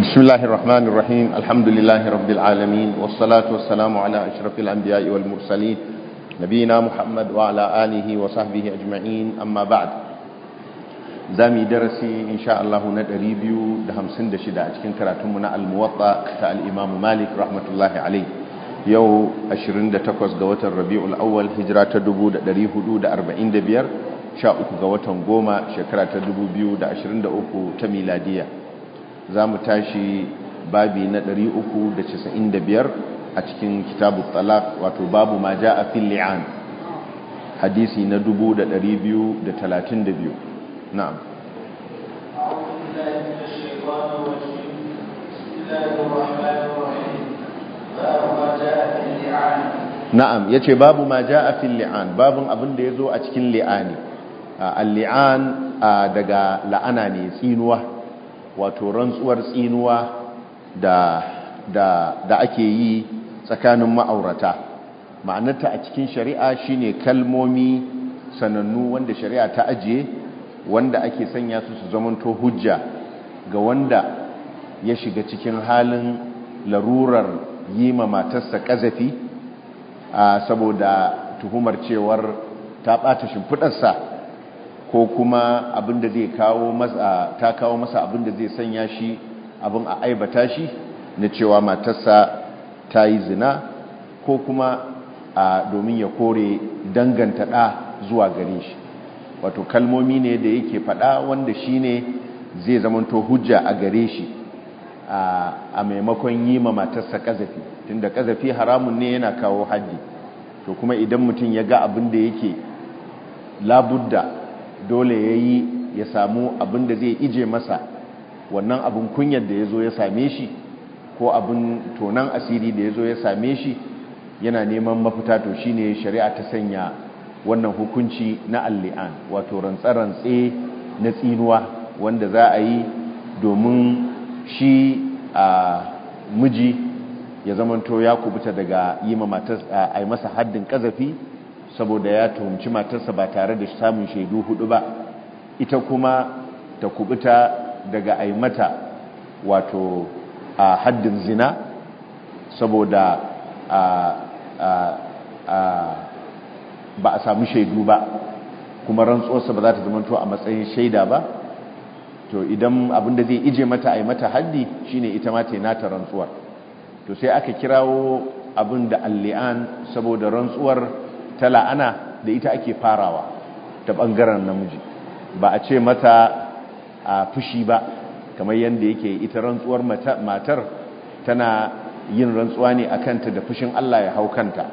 بسم الله الرحمن الرحيم الحمد لله رب العالمين والصلاة والسلام على أشرف الأنبياء والمرسلين نبينا محمد وعلى آله وصحبه أجمعين أما بعد زامي درسي إن شاء الله ندريبيو دهم سند شدة أتكن كراتمنا الموطأ الإمام مالك رحمة الله عليه يو أشرين دا تقوز قوة الربيع الأول هجرة دبو دا دريه دو دا أربعين دا بير شاء أكو قوة قوما شكرة دبو بيو دا أشرين دا أكو تميلادية za mu tashi babi na 395 a cikin kitabu talaq wato babu ma ja a fil li'an hadisi na 2232 na'am na'am ce babu ma ja a fil li'an babun abin da ya zo a cikin li'ani A lian daga la'ana ne tsinuwa wato rantsuwar tsinuwa da da da ake yi tsakanin ma'aurata ma'anarta a cikin shari'a shine kalmomi sanannu wanda shari'a ta ajiye wanda ake sanya su su zamanto hujja ga wanda ya shiga cikin halin larurar yi ma matarsa kazafi saboda tuhumar cewar ta ɓata shimfiɗarsa ko kuma abin da zai kawo masa ta kawo masa abin da zai sanya shi abin a aibata shi na cewa matarsa ta yi zina ko kuma a domin ya kore danganta ɗa zuwa gare shi wato kalmomi ne da yake faɗa wanda shi ne zai zamanto hujja a gare shi a maimakon yi ma matarsa ƙazafi tunda ƙazafi haramun ne yana kawo hajji to kuma idan mutum ya ga abin da yake labudda dole ya yi ya samu abin da zai ije masa wannan abin kunyar da ya zo ya same shi ko abin tonan asiri da ya zo ya same shi yana neman mafita to shi ne shari'a ta sanya wannan hukunci na alli'an wato rantsarantse na tsinuwa wanda za a yi domin shi a miji ya zamanto ya kubuta daga yi masa haddin kazafi saboda ya tuhumci matarsa ba tare da samun shaidu hudu ba ita kuma ta kubuta daga aimata wato a haddin zina saboda ba a samu shaidu ba kuma rantsuwarsa ba za ta zamanto a matsayin shaida ba to idan abinda zai ije mata aimata haddi shine ita ma ta yi nata rantsuwar to sai aka kirawo abun da alli'an saboda rantsuwar ta la'ana da ita ake farawa ta bangaren namiji ba a ce mata a fushi ba kamar yadda yake ita rantsuwar matar tana yin rantsuwa ne a kanta da fushin Allah ya hau kanta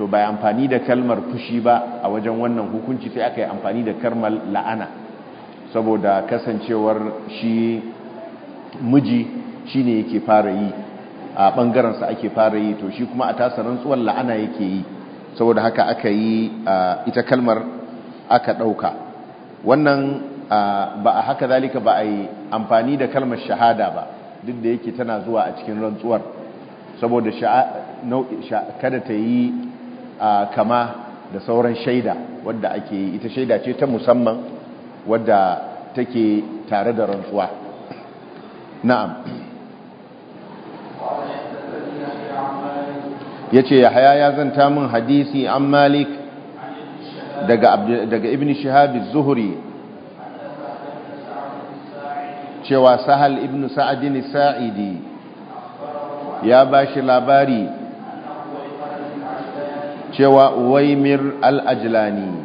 to bai amfani da kalmar fushi ba a wajen wannan hukunci sai aka yi amfani da kalmar la'ana saboda kasancewar shi miji shi ne yake fara yi a ɓangarensa ake fara yi to shi kuma a tasa rantsuwar la'ana yake yi saboda haka aka yi ita kalmar aka ɗauka wannan ba a haka zalika ba a yi amfani da kalmar shahada ba duk da yake tana zuwa a cikin rantsuwar saboda kada ta yi kama da sauran shaida wadda ake yi ita shaida ce ta musamman wadda take tare da rantsuwa na'am yace yahya ya zanta min hadisi an malik daga daga ibn shihab az-zuhri cewa sahal ibn sa'adin sa'idi ya bashi labari cewa waimir al'ajlani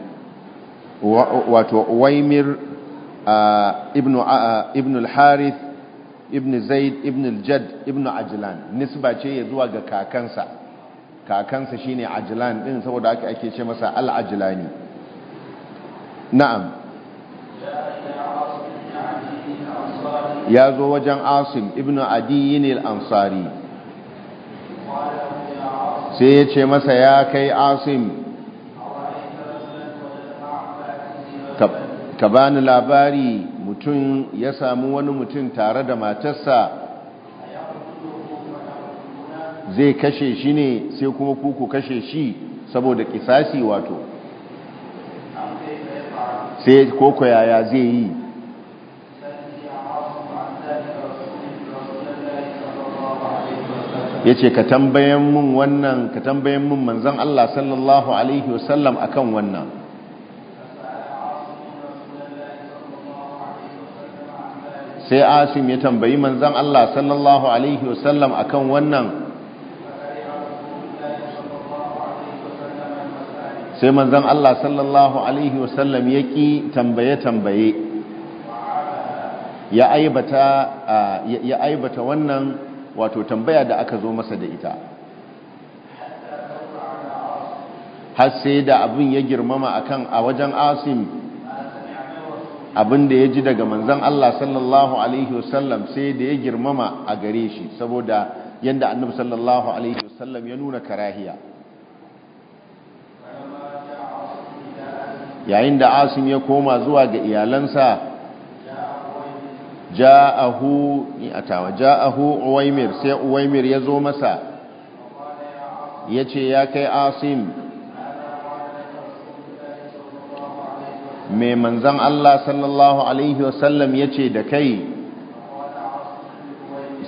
wato waimir ibn al-harith ibn zaid ibn al-jad ibn ajlan nisba ce ya zuwa ga kakansa kakansa shine ajlan din saboda haka ake ce masa al-ajlani na'am ya zo wajen asim ibn adiyin al-ansari sai ya ce masa ya kai asim ka bani labari mutum ya samu wani mutum tare da matarsa zai kashe shi ne sai kuma kuku kashe shi saboda kisasi wato sai koko yaya zai yi ya ce ka tambayen mun wannan ka tambayen mun manzan Allah sallallahu Alaihi wasallam akan wannan sai asim ya tambayi manzan Allah sallallahu Alaihi wasallam akan wannan sai manzan Allah sallallahu alaihi wasallam ya ki tambaye tambaye ya aibata wannan wato tambaya da aka zo masa da ita har sai da abin ya girmama akan a wajen asim abin da ya ji daga manzan Allah sallallahu alaihi wasallam sai da ya girmama a gare shi saboda yadda annabi sallallahu alaihi wasallam ya nuna karahiya yayin da asim ya koma zuwa ga iyalansa ja'ahu ni atawa ja'ahu uwaimir sai uwaimir ya zo masa ya ce ya kai asim mai manzan Allah sallallahu alaihi wasallam ce da kai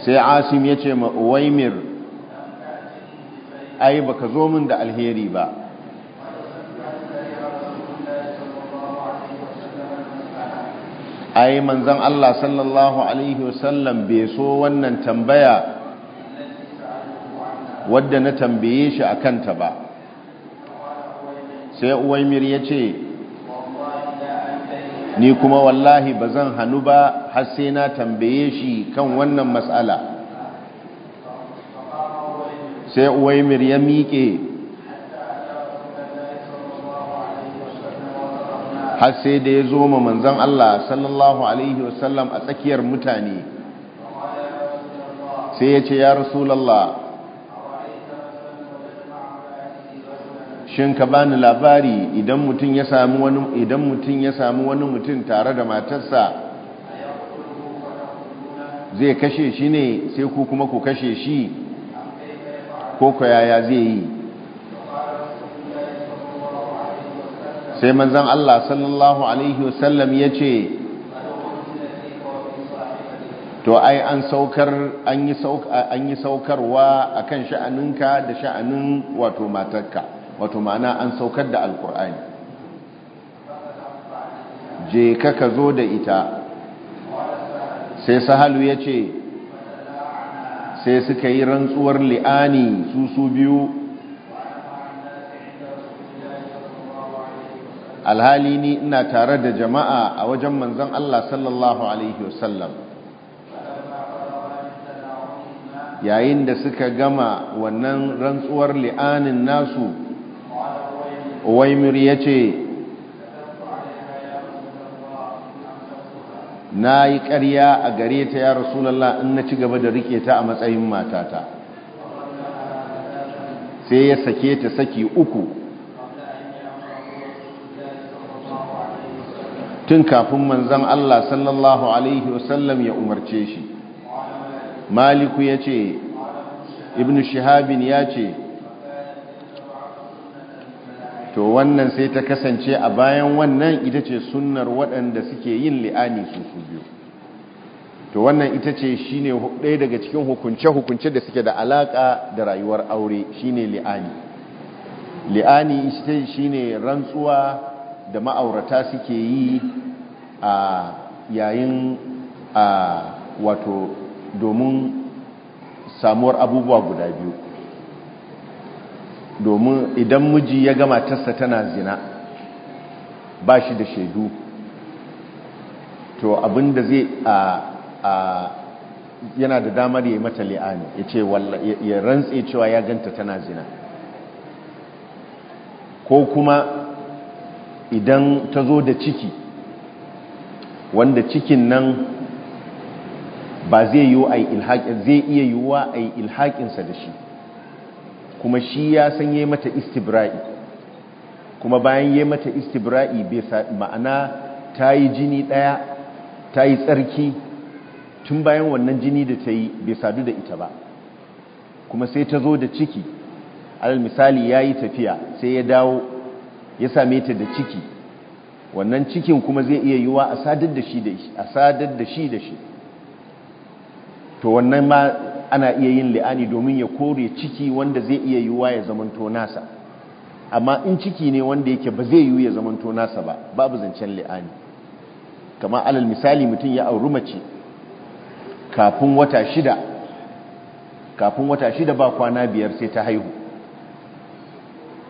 sai asim ya ce ma uwaimir ai baka zo min da alheri ba ai manzan Allah sallallahu alaihi wasallam bai so wannan tambaya wadda na tambaye shi a kanta ba sai uwaimir ya ce ni kuma wallahi ba zan hannu ba har sai na tambaye shi kan wannan matsala sai uwaimir ya miƙe har sai da ya zo ma manzan Allah sallallahu alaihi wasallam a tsakiyar mutane sai ya ce ya rasulallah shin ka bani labari idan mutum ya sami wani idan mutum ya sami wani mutum tare da matarsa zai kashe shi ne sai ku kuma ku kashe shi ko ko yaya zai yi sai manzan Allah sallallahu alaihi wasallam ya ce to ai an saukar an yi saukarwa akan sha'aninka da sha'anin wato matarka wato ma'ana an saukar da alkur'ani je ka ka zo da ita sai sahalu ya ce sai suka yi rantsuwar li'ani su su biyu alhali ni ina tare da jama'a a wajen manzon Allah sallallahu alaihi wasallam yayin da suka gama wannan rantsuwar li'anin nasu waimir ya ce na yi ƙarya a gare ta ya rasulallah in na ci gaba da rike ta a matsayin matata sai ya sake ta saki uku tun kafin manzan Allah sallallahu alaihi wasallam ya umarce shi maliku ya ce ibn shihabin ya ce to wannan sai ta kasance a bayan wannan ita ce sunnar waɗanda suke yin li'ani su su biyu to wannan ita ce ne ɗaya daga cikin hukunce-hukunce da suke da alaƙa da rayuwar aure shi ne li'ani li'ani shi ne rantsuwa da ma'aurata suke yi a yayin a wato domin samuwar abubuwa guda biyu domin idan miji ya gama matarsa tana zina ba shi da shaidu to abinda zai a yana da damar ya yi mata li'ani ya ce ya rantse cewa ya ganta tana zina ko kuma idan ta zo da ciki wanda cikin nan ba zai yi a ilhaƙin zai iya yiwuwa a ilhaƙinsa da shi kuma shi ya san yi mata istibra'i kuma bayan yi mata istibra'i ma'ana ta yi jini ɗaya ta yi tsarki tun bayan wannan jini da ta yi bai sadu da ita ba kuma sai ta zo da ciki alal misali ya yi tafiya sai ya dawo ya same ta da ciki wannan cikin kuma zai iya yiwa a sadar da shi da shi a sadar da shi da shi to wannan ma ana iya yin li'ani domin ya kore ciki wanda zai iya yiwa ya zamanto nasa amma in ciki ne wanda yake ba zai yiwu ya zamanto nasa ba babu zancen li'ani kamar alal misali mutum ya auri mace kafin wata shida ba kwana biyar sai ta haihu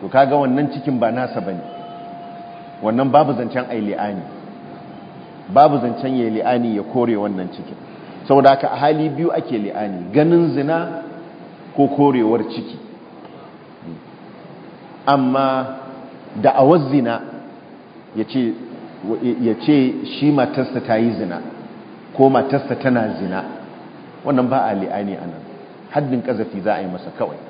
to kaga wannan cikin ba nasa ba ne. wannan babu zancen ai li'ani babu zancen ya li'ani ya kore wannan cikin Sau haka a hali biyu ake li'ani ganin zina ko korewar ciki amma da wasu zina ya ce shi matarsa ta yi zina ko matarsa tana zina wannan ba a li'ani a nan haddin ƙazafi za a yi masa kawai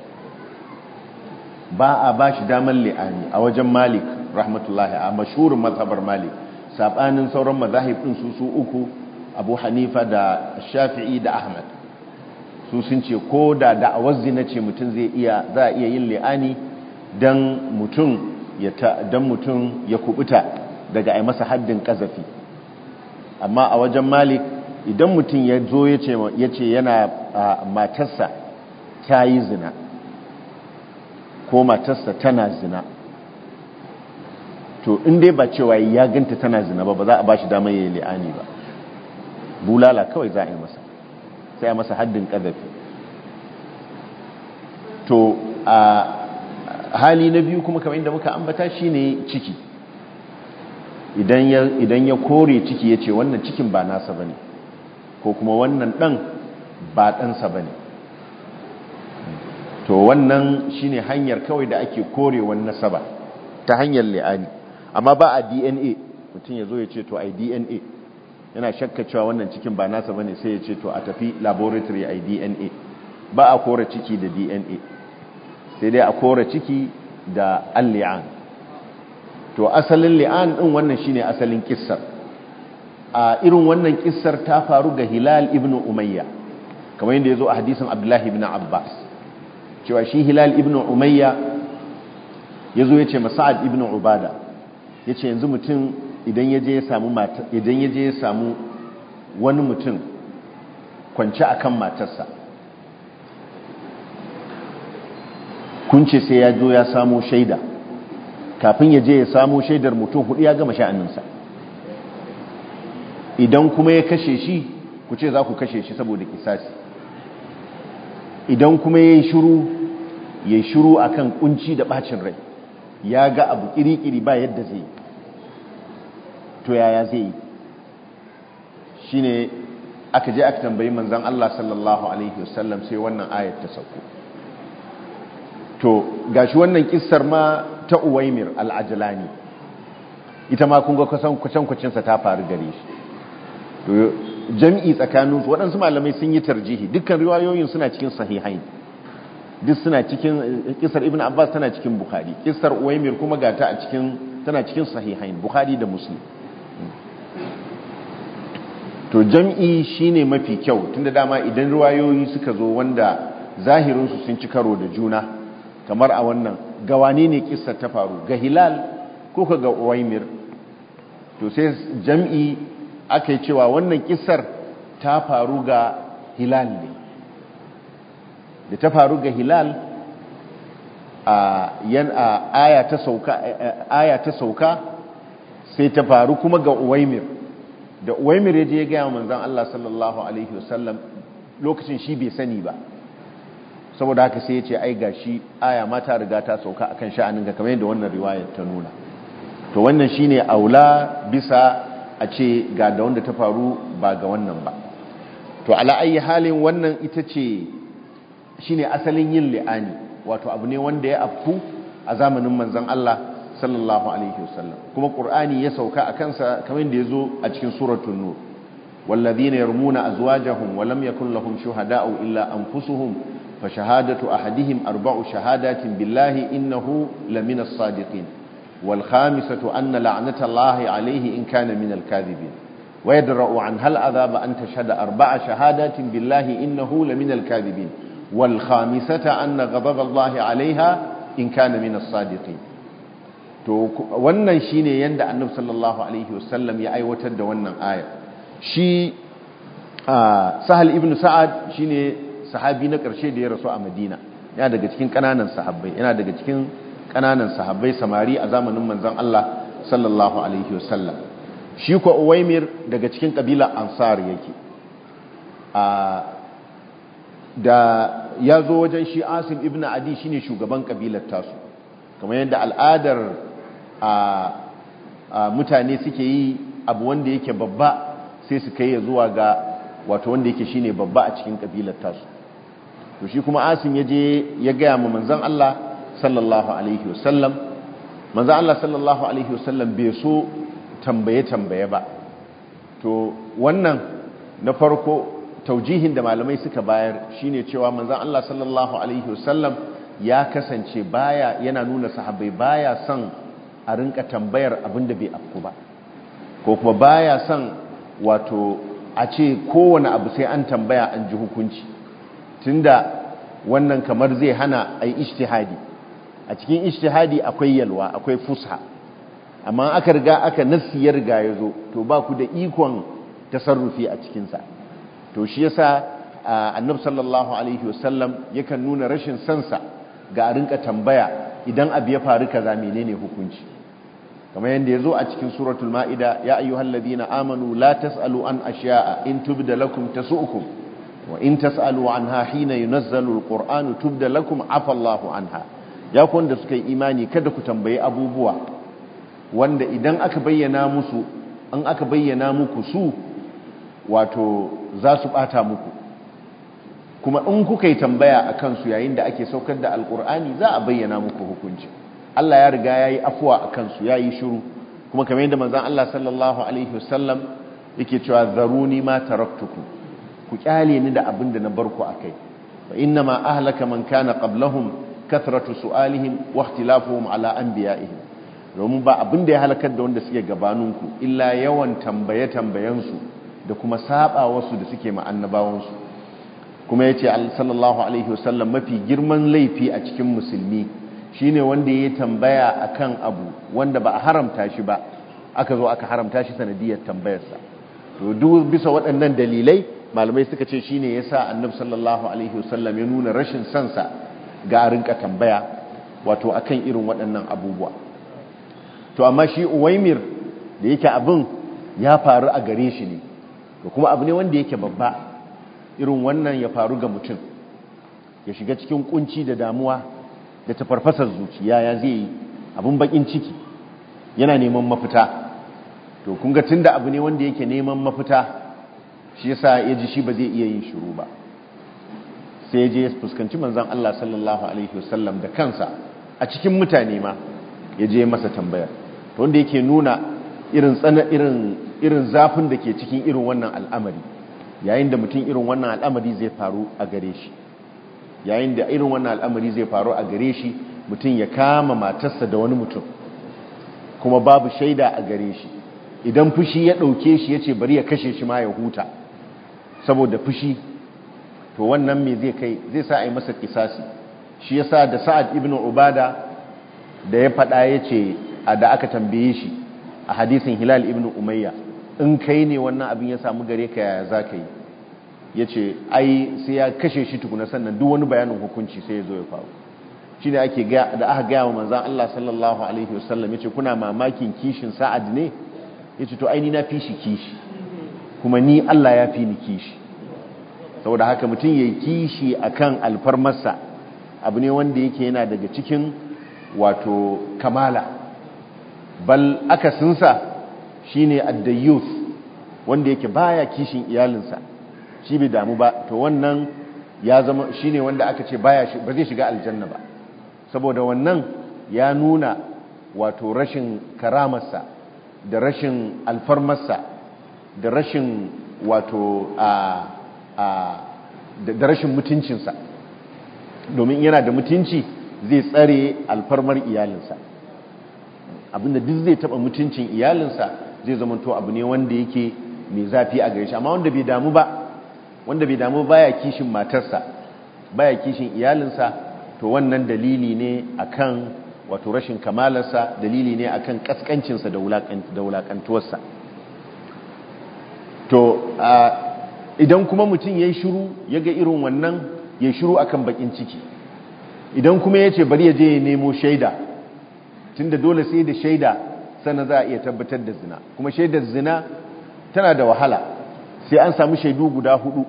ba a ba shi damar li'ani a wajen malik rahmatullahi a mashurin mazhabar malik saɓanin sauran mazahib din su su uku abu hanifa da shafi'i da ahmad su sun ce ko da da'awar zina ce mutum zai iya za a iya yin li'ani don mutum ya ya kubuta daga ai masa haddin kazafi amma a wajen malik idan mutum ya zo ya ce yana matarsa ta yi zina ko matarsa tana zina to in dai ba cewa ya ganta tana zina ba ba za a ba shi damar yi li'ani ba bulala kawai za a yi masa sai a masa haddin kadafi to a hali na biyu kuma kamar inda muka ambata shine ciki idan ya kore ciki yace wannan cikin ba nasa bane ko kuma wannan ɗan, ba ɗansa bane to wannan shine hanyar kawai da ake korewar nasaba ta hanyar li'ani amma ba a dna mutum ya zo ya ce to ai dna yana shakka cewa wannan cikin ba nasa ne sai ya ce to a tafi laboratory ai dna ba a kora ciki da dna sai dai a kora ciki da an lian to asalin li'an ɗin wannan shine asalin kissar a irin wannan kissar ta faru ga hilal ibn umayya kamar yadda ya zo a hadisin abdullahi ibn abbas cewa shi hilal ibn umayya ya zo ya ce masa'ad ibn ubada ya ce yanzu mutum idan ya je ya samu wani mutum kwanci akan matarsa kun ce sai ya zo ya samo shaida kafin ya je ya samo shaidar mutum hudu ya gama sha'aninsa idan kuma ya kashe shi ku ce za ku kashe shi saboda kisasi idan kuma ya yi shuru ya shiru kan kunci da bacin rai ya ga abu kirikiri ba yadda zai yi to yaya zai yi Shi ne aka je aka tambayi manzon Allah sallallahu alaihi wasallam sai wannan ayat ta sauko to gashi wannan kissar ma ta Uwaimir al-Ajlani ita ma kunga kusan kucin sa ta faru gare shi jam'i tsakaninsu tsakanin waɗansu malamai sun yi tarjihi dukkan riwayoyin suna cikin sahihain duk suna cikin kisar ibn abbas tana cikin bukhari kisar uwaimir kuma gata a cikin tana cikin sahihain bukhari da muslim to jam'i shine mafi kyau tunda dama idan ruwayoyi suka zo wanda zahirinsu sun ci karo da juna kamar a wannan gawane ne kisar ta faru ga hilal ko ka ga uwaimir to sai jam'i aka yi cewa wannan kisar ta faru ga hilal ne da ta faru ga hilal a aya ta sauka sai ta faru kuma ga uwaimir da uwaimir ya je ya gaya manzan Allah sallallahu Alaihi wasallam lokacin shi bai sani ba saboda haka sai ya ce ai ga shi aya mata riga ta sauka a kan sha'anin ga kamar yadda wannan riwayar ta nuna to wannan shine aula bisa a ce ga da wanda ta faru ba ga wannan ba to ala'ayi halin wannan ita ce shine asalin yin li'ani wato abu ne wanda ya afku a zamanin manzon Allah sallallahu alaihi wasallam kuma qur'ani ya sauka a kansa kamar yadda yazo a cikin suratul nur walladhina yarmuna azwajahum wa lam yakul lahum shuhada'u illa anfusuhum fa shahadatu ahadihim arba'u shahadatin billahi innahu lamina as-sadiqin wal khamisatu anna la'nata allahi alayhi in kana minal kadhibin wa yadra'u an hal عنها an tashhada arba'a shahadatin billahi innahu lamina al-kadhibin wal khamisata anna ghadab Allah alaiha in kana min as to wannan shine yadda annabi sallallahu alaihi wasallam ya aiwatar da wannan aya shi sahal ibn sa'ad shine sahabi na ƙarshe da ya rasu a madina yana daga cikin ƙananan sahabbai yana daga cikin ƙananan sahabbai samari a zamanin manzon Allah sallallahu alaihi wasallam shi ko uwaimir daga cikin ƙabilar ansar yake a da ya zo wajen shi asim ibn adi shine shugaban kabilar tasu kamar yadda al'adar a mutane suke yi abu wanda yake babba sai su kai ya zuwa ga wato wanda yake shine babba a cikin kabilar tasu to shi kuma asim ya je ya gaya ma manzan Allah sallallahu alaihi wasallam manzan Allah sallallahu alaihi wasallam bai so tambaye tambaye ba to wannan na farko taujihin da malamai suka bayar shine cewa manzan Allah sallallahu alaihi wasallam ya kasance baya yana nuna sahabbai baya son a rinka tambayar abinda bai afku ba ko kuma baya son wato a ce kowane abu sai an tambaya an ji hukunci tunda wannan kamar zai hana ai ijtihadi a cikin ishtihadi akwai yalwa akwai fusha amma aka riga aka nasiyar ga zo to ba ku da ikon tasarrufi a cikinsa to shi yasa annabi sallallahu alaihi wasallam yakan nuna rashin sansa ga a rinka tambaya idan abu ya faru kaza menene hukunci kamar yadda ya zo a cikin suratul ma'ida ya ayyuhal na amanu la tas'alu an asya'a in tubda lakum tasu'ukum wa in tas'alu anha hina yunazzalu alqur'anu tubda lakum afa Allahu anha ya ku wanda suka yi imani kada ku tambayi abubuwa wanda idan aka bayyana musu an aka bayyana muku su wato za su bata muku kuma in kuka yi tambaya a kansu yayin da ake saukar da alkur'ani za a bayyana muku hukunci Allah ya riga ya yi afuwa a kansu ya yi shiru kuma kamar yadda manzan Allah sallallahu alaihi wasallam yake cewa zaruni ma taraktuku ku kyale ni da abin da na bar ku kai fa inna ma ahlaka man kana qablahum kathratu su'alihim wa ikhtilafuhum ala anbiya'ihim domin ba abin da ya halakar da wanda suke gabaninku illa yawan tambaye tambayensu da kuma saba wasu da suke ma'annabawansu kuma ya ce sallallahu alaihi wasallam mafi girman laifi a cikin musulmi shine wanda ya tambaya akan abu wanda ba a haramta shi ba aka zo aka haramta shi sanadiyar tambayarsa to duk bisa waɗannan dalilai malamai suka ce shine sa annabi sallallahu alaihi wasallam ya nuna rashin sansa ga a rinka tambaya wato akan irin waɗannan abubuwa to amma shi uwaimir da yake abin ya faru a gare shi ne da kuma abu ne wanda yake babba irin wannan ya faru ga mutum ya shiga cikin kunci da damuwa da tafarfasar zuciya ya zai yi abin bakin ciki yana neman mafita to kun ga da abu ne wanda yake neman mafita shi yasa ya ji shi ba zai iya yin shiru ba sai ya je ya fuskanci manzan Allah sallallahu alaihi wasallam da kansa a cikin mutane ma ya je masa tambayar to wanda yake nuna irin tsana irin irin zafin da ke cikin irin wannan al'amari yayin da mutum irin wannan al'amari zai faru a gare shi yayin da irin wannan al'amari zai faru a gare shi mutum ya kama matarsa da wani mutum kuma babu shaida a gare shi idan fushi ya ɗauke shi ya ce bari ya kashe shi ma ya huta saboda fushi to wannan mai zai kai zai sa a yi masa kisasi shi ya sa da sa'ad ibn obada da ya faɗa ya ce da aka tambaye shi a hadisin hilal ibn umayya in kai ne wannan abin ya samu gare ka yaya za ka yi ya ce ai sai ya kashe shi tukuna sannan duk wani bayanin hukunci sai ya zo ya faru shi ne ake da aka gaya wa manzan Allah sallallahu alaihi wasallam ya ce kuna mamakin kishin sa'ad ne ya ce to aini na fi shi kishi kuma ni Allah ya fi ni kishi saboda haka mutum ya yi kishi a kan alfarmarsa abu ne wanda yake yana daga cikin wato kamala bal akasinsa shi ne addayus wanda yake baya kishin iyalinsa shi bai damu ba to wannan ya zama shi ne wanda aka ce baya ba zai shiga aljanna ba saboda wannan ya nuna wato rashin karamarsa da rashin alfarmarsa da rashin wato a da rashin mutuncinsa domin yana da mutunci zai tsare alfarmar iyalinsa abinda duk zai taba mutuncin iyalinsa zai zamanto abu ne wanda yake mai zafi a gare shi amma wanda bai damu ba wanda bai damu baya kishin matarsa baya kishin iyalinsa to wannan dalili ne akan wato rashin kamalarsa dalili ne akan kaskancinsa da wulakantuwarsa to idan kuma mutum ya yi shuru ya ga irin wannan ya shuru akan bakin ciki idan kuma ya ce bari ya je ya nemo shaida tun da dole sai da shaida sana za a iya tabbatar da zina kuma shaidar zina tana da wahala sai an samu shaidu guda hudu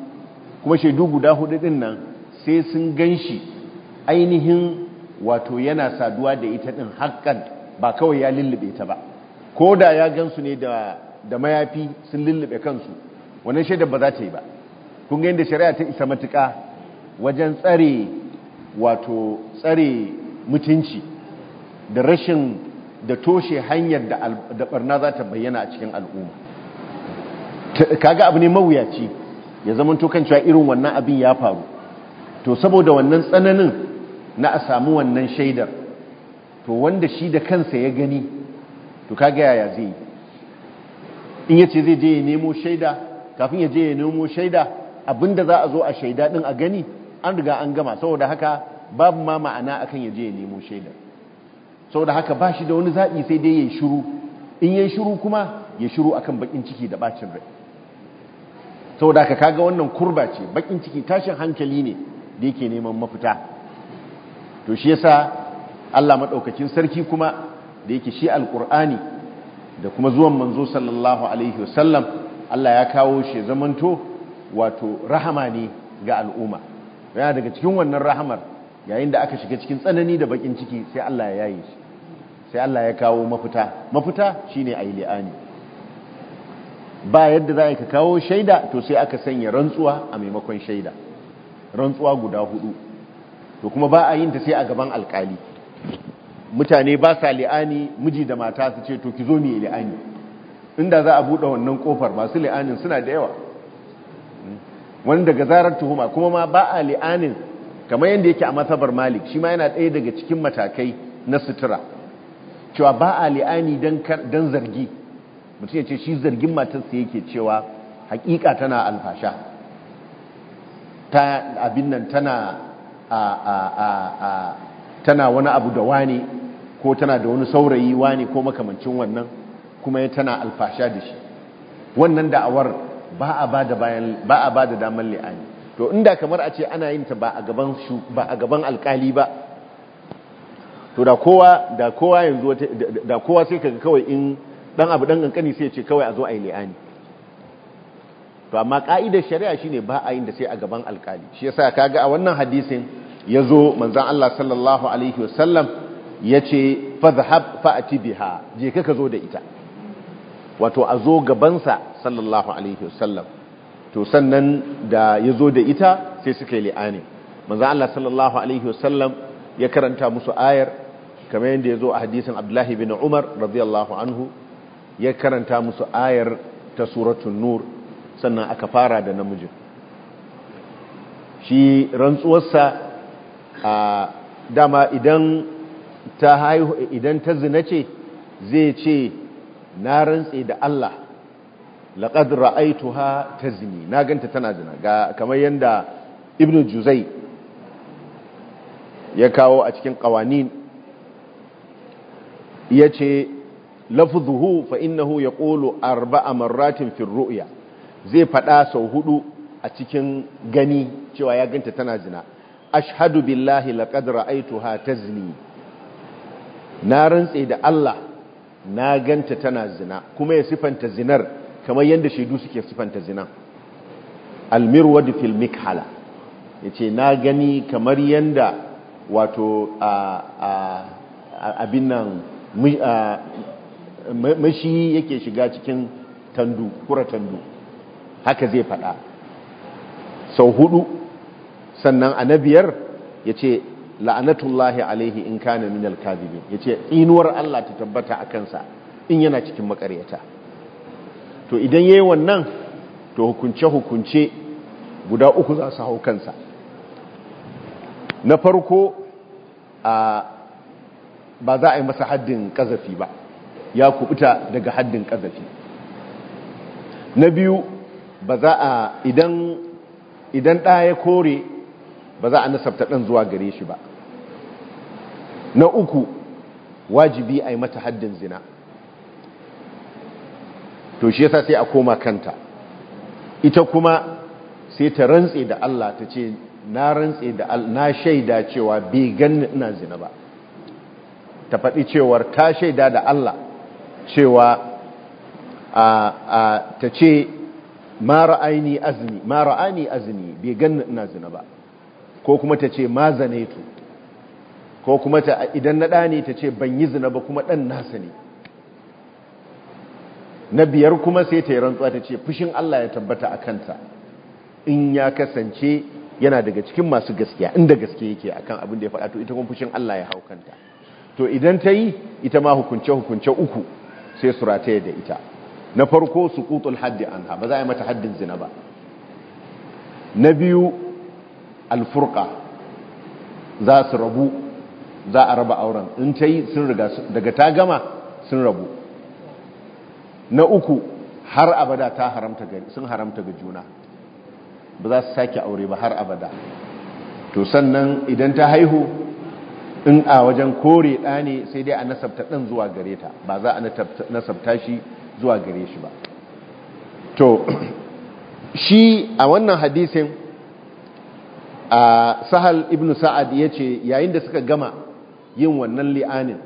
kuma shaidu guda hudu din nan sai sun ganshi ainihin wato yana saduwa da ita din hakan ba kawai ya lullube ta ba ko da ya gansu ne da mayafi sun lullube kansu wannan shaidar ba za ta yi ba kun ga da shari'a ta isa matuka wajen tsare wato tsare mutunci da rashin da toshe hanyar da barna za ta bayyana a cikin al'umma kaga abu ne mawuyaci ya zama to cewa irin wannan abin ya faru to saboda wannan tsananin na a samu wannan shaidar to wanda shi da kansa ya gani to kaga yaya zai in ya ce zai je ya nemo shaida kafin ya je ya nemo shaida abin da za a zo a shaida din a gani an riga an gama saboda haka babu ma ma'ana akan ya je ya nemo shaidar sau da haka ba shi da wani zaɓi sai dai ya yi shiru in ya shiru kuma ya shiru akan bakin ciki da bacin rai da haka kaga wannan kurba ce bakin ciki tashin hankali ne da yake neman mafita to shi yasa Allah maɗaukacin sarki kuma da yake shi alƙur'ani da kuma zuwan manzo sallallahu alaihi wasallam Allah ya kawo shi zamanto wato rahama ne ga al'umma yana daga cikin wannan rahamar yayin da aka shiga cikin tsanani da bakin ciki sai Allah ya yaye shi sai Allah ya kawo mafita mafita shine ayi li'ani ba yadda za ka kawo shaida to sai aka sanya rantsuwa a maimakon shaida rantsuwa guda hudu to kuma ba a yin ta sai a gaban alkali mutane ba sa li'ani miji da mata su ce to ki zo mu li'ani inda za a buɗe wannan kofar masu li'anin suna da yawa hmm. wani daga zarar tuhuma kuma ma ba a li'anin kamar yadda yake a matsabar malik shi ma yana ɗaya daga cikin matakai na sutura cewa ba a li'ani don zargi mutum ya ce shi zargin matarsa yake cewa hakika tana alfasha ta abin nan tana tana wani abu da wani ko tana da wani saurayi wani ko makamancin wannan kuma ya tana alfasha da shi wannan da'awar ba a ba da damar li'ani to inda kamar a ce ana yin ta ba a gaban alkali ba to da kowa da kowa yanzu da kowa sai kaga kawai in dan abu dan kankani sai ya ce kawai a zo a yi li'ani to amma ka'idar shari'a shine ba a yin da sai a gaban alkali shi yasa kaga a wannan hadisin yazo manzon Allah sallallahu alaihi wasallam yace fadhhab fa'ti biha je ka zo da ita wato a zo gabansa sallallahu alaihi wasallam to sannan da ya zo da ita sai suka yi li'ani manzan Allah sallallahu Alaihi wasallam ya karanta musu ayar kamar yadda ya zo a hadisin abdullahi bin umar radiyallahu anhu ya karanta musu ayar ta suratun nur sannan aka fara da namijin shi rantsuwarsa a dama idan ta haihu idan ta zina ce zai ce na rantse da Allah ha ta zini na ganta tana zina ga kamar yadda ibnu juzai ya kawo a cikin ya yace lafzuhu fa innahu ƙolo arba'a marratin fi zai fada sau hudu a cikin gani cewa ya ganta tana zina ashhadu billahi ha ta zini na rantse da Allah na ganta tana zina kuma ya sifanta zinar kamar yadda shaidu suke sifanta zina almirwadi fil mikhala yace na gani kamar yadda wato abin nan mashi yake shiga cikin tandu kura tandu haka zai fada sau hudu sannan a na biyar ya ce la'anatullahi alaihi in kana minal kazibin ya ce inuwar Allah ta tabbata a kansa in yana cikin makaryata to idan yayi wannan to hukunce hukunce guda uku za su hau kansa na farko a ba za a yi masa haddin kazafi ba ya kubuta daga haddin kazafi na biyu ba za a idan idan ya kore ba za a nasabta ɗan zuwa gare shi ba na uku wajibi a yi mata haddin zina to shi yasa sai a koma kanta ita kuma sai ta rantse da Allah ta ce na rantse da na shaida cewa bai ganni ina zina ba ta faɗi cewar ta shaida da Allah cewa ta ce ma ra'aini azni ma ra'ani azni bai ganni ina zina ba ko kuma ta ce ma zanaitu ko kuma ta idan na ɗa ne ta ce ban yi zina ba kuma dan nasa ne na biyar kuma sai ta yi rantsuwa ta ce fushin Allah ya tabbata a kanta in ya kasance yana daga cikin masu gaskiya inda gaske yake akan abin da ya faɗa to ita kuma fushin Allah ya hau kanta to idan ta yi ita ma hukunce hukunce uku sai su rataye da ita na farko su kutul haddi anha ba za a yi mata haddin zina ba na biyu alfurka za su rabu za a raba auren in ta yi sun riga daga ta gama sun rabu na uku har abada ta haramta sun haramta ga juna ba za su sake aure ba har abada to sannan idan ta haihu in a wajen kore ɗa sai dai a nasabta ɗan zuwa gare ta ba za a nasabta shi zuwa gare shi ba to shi a wannan hadisin a sahal ibn sa'ad ya ce yayin da suka gama yin wannan li'anin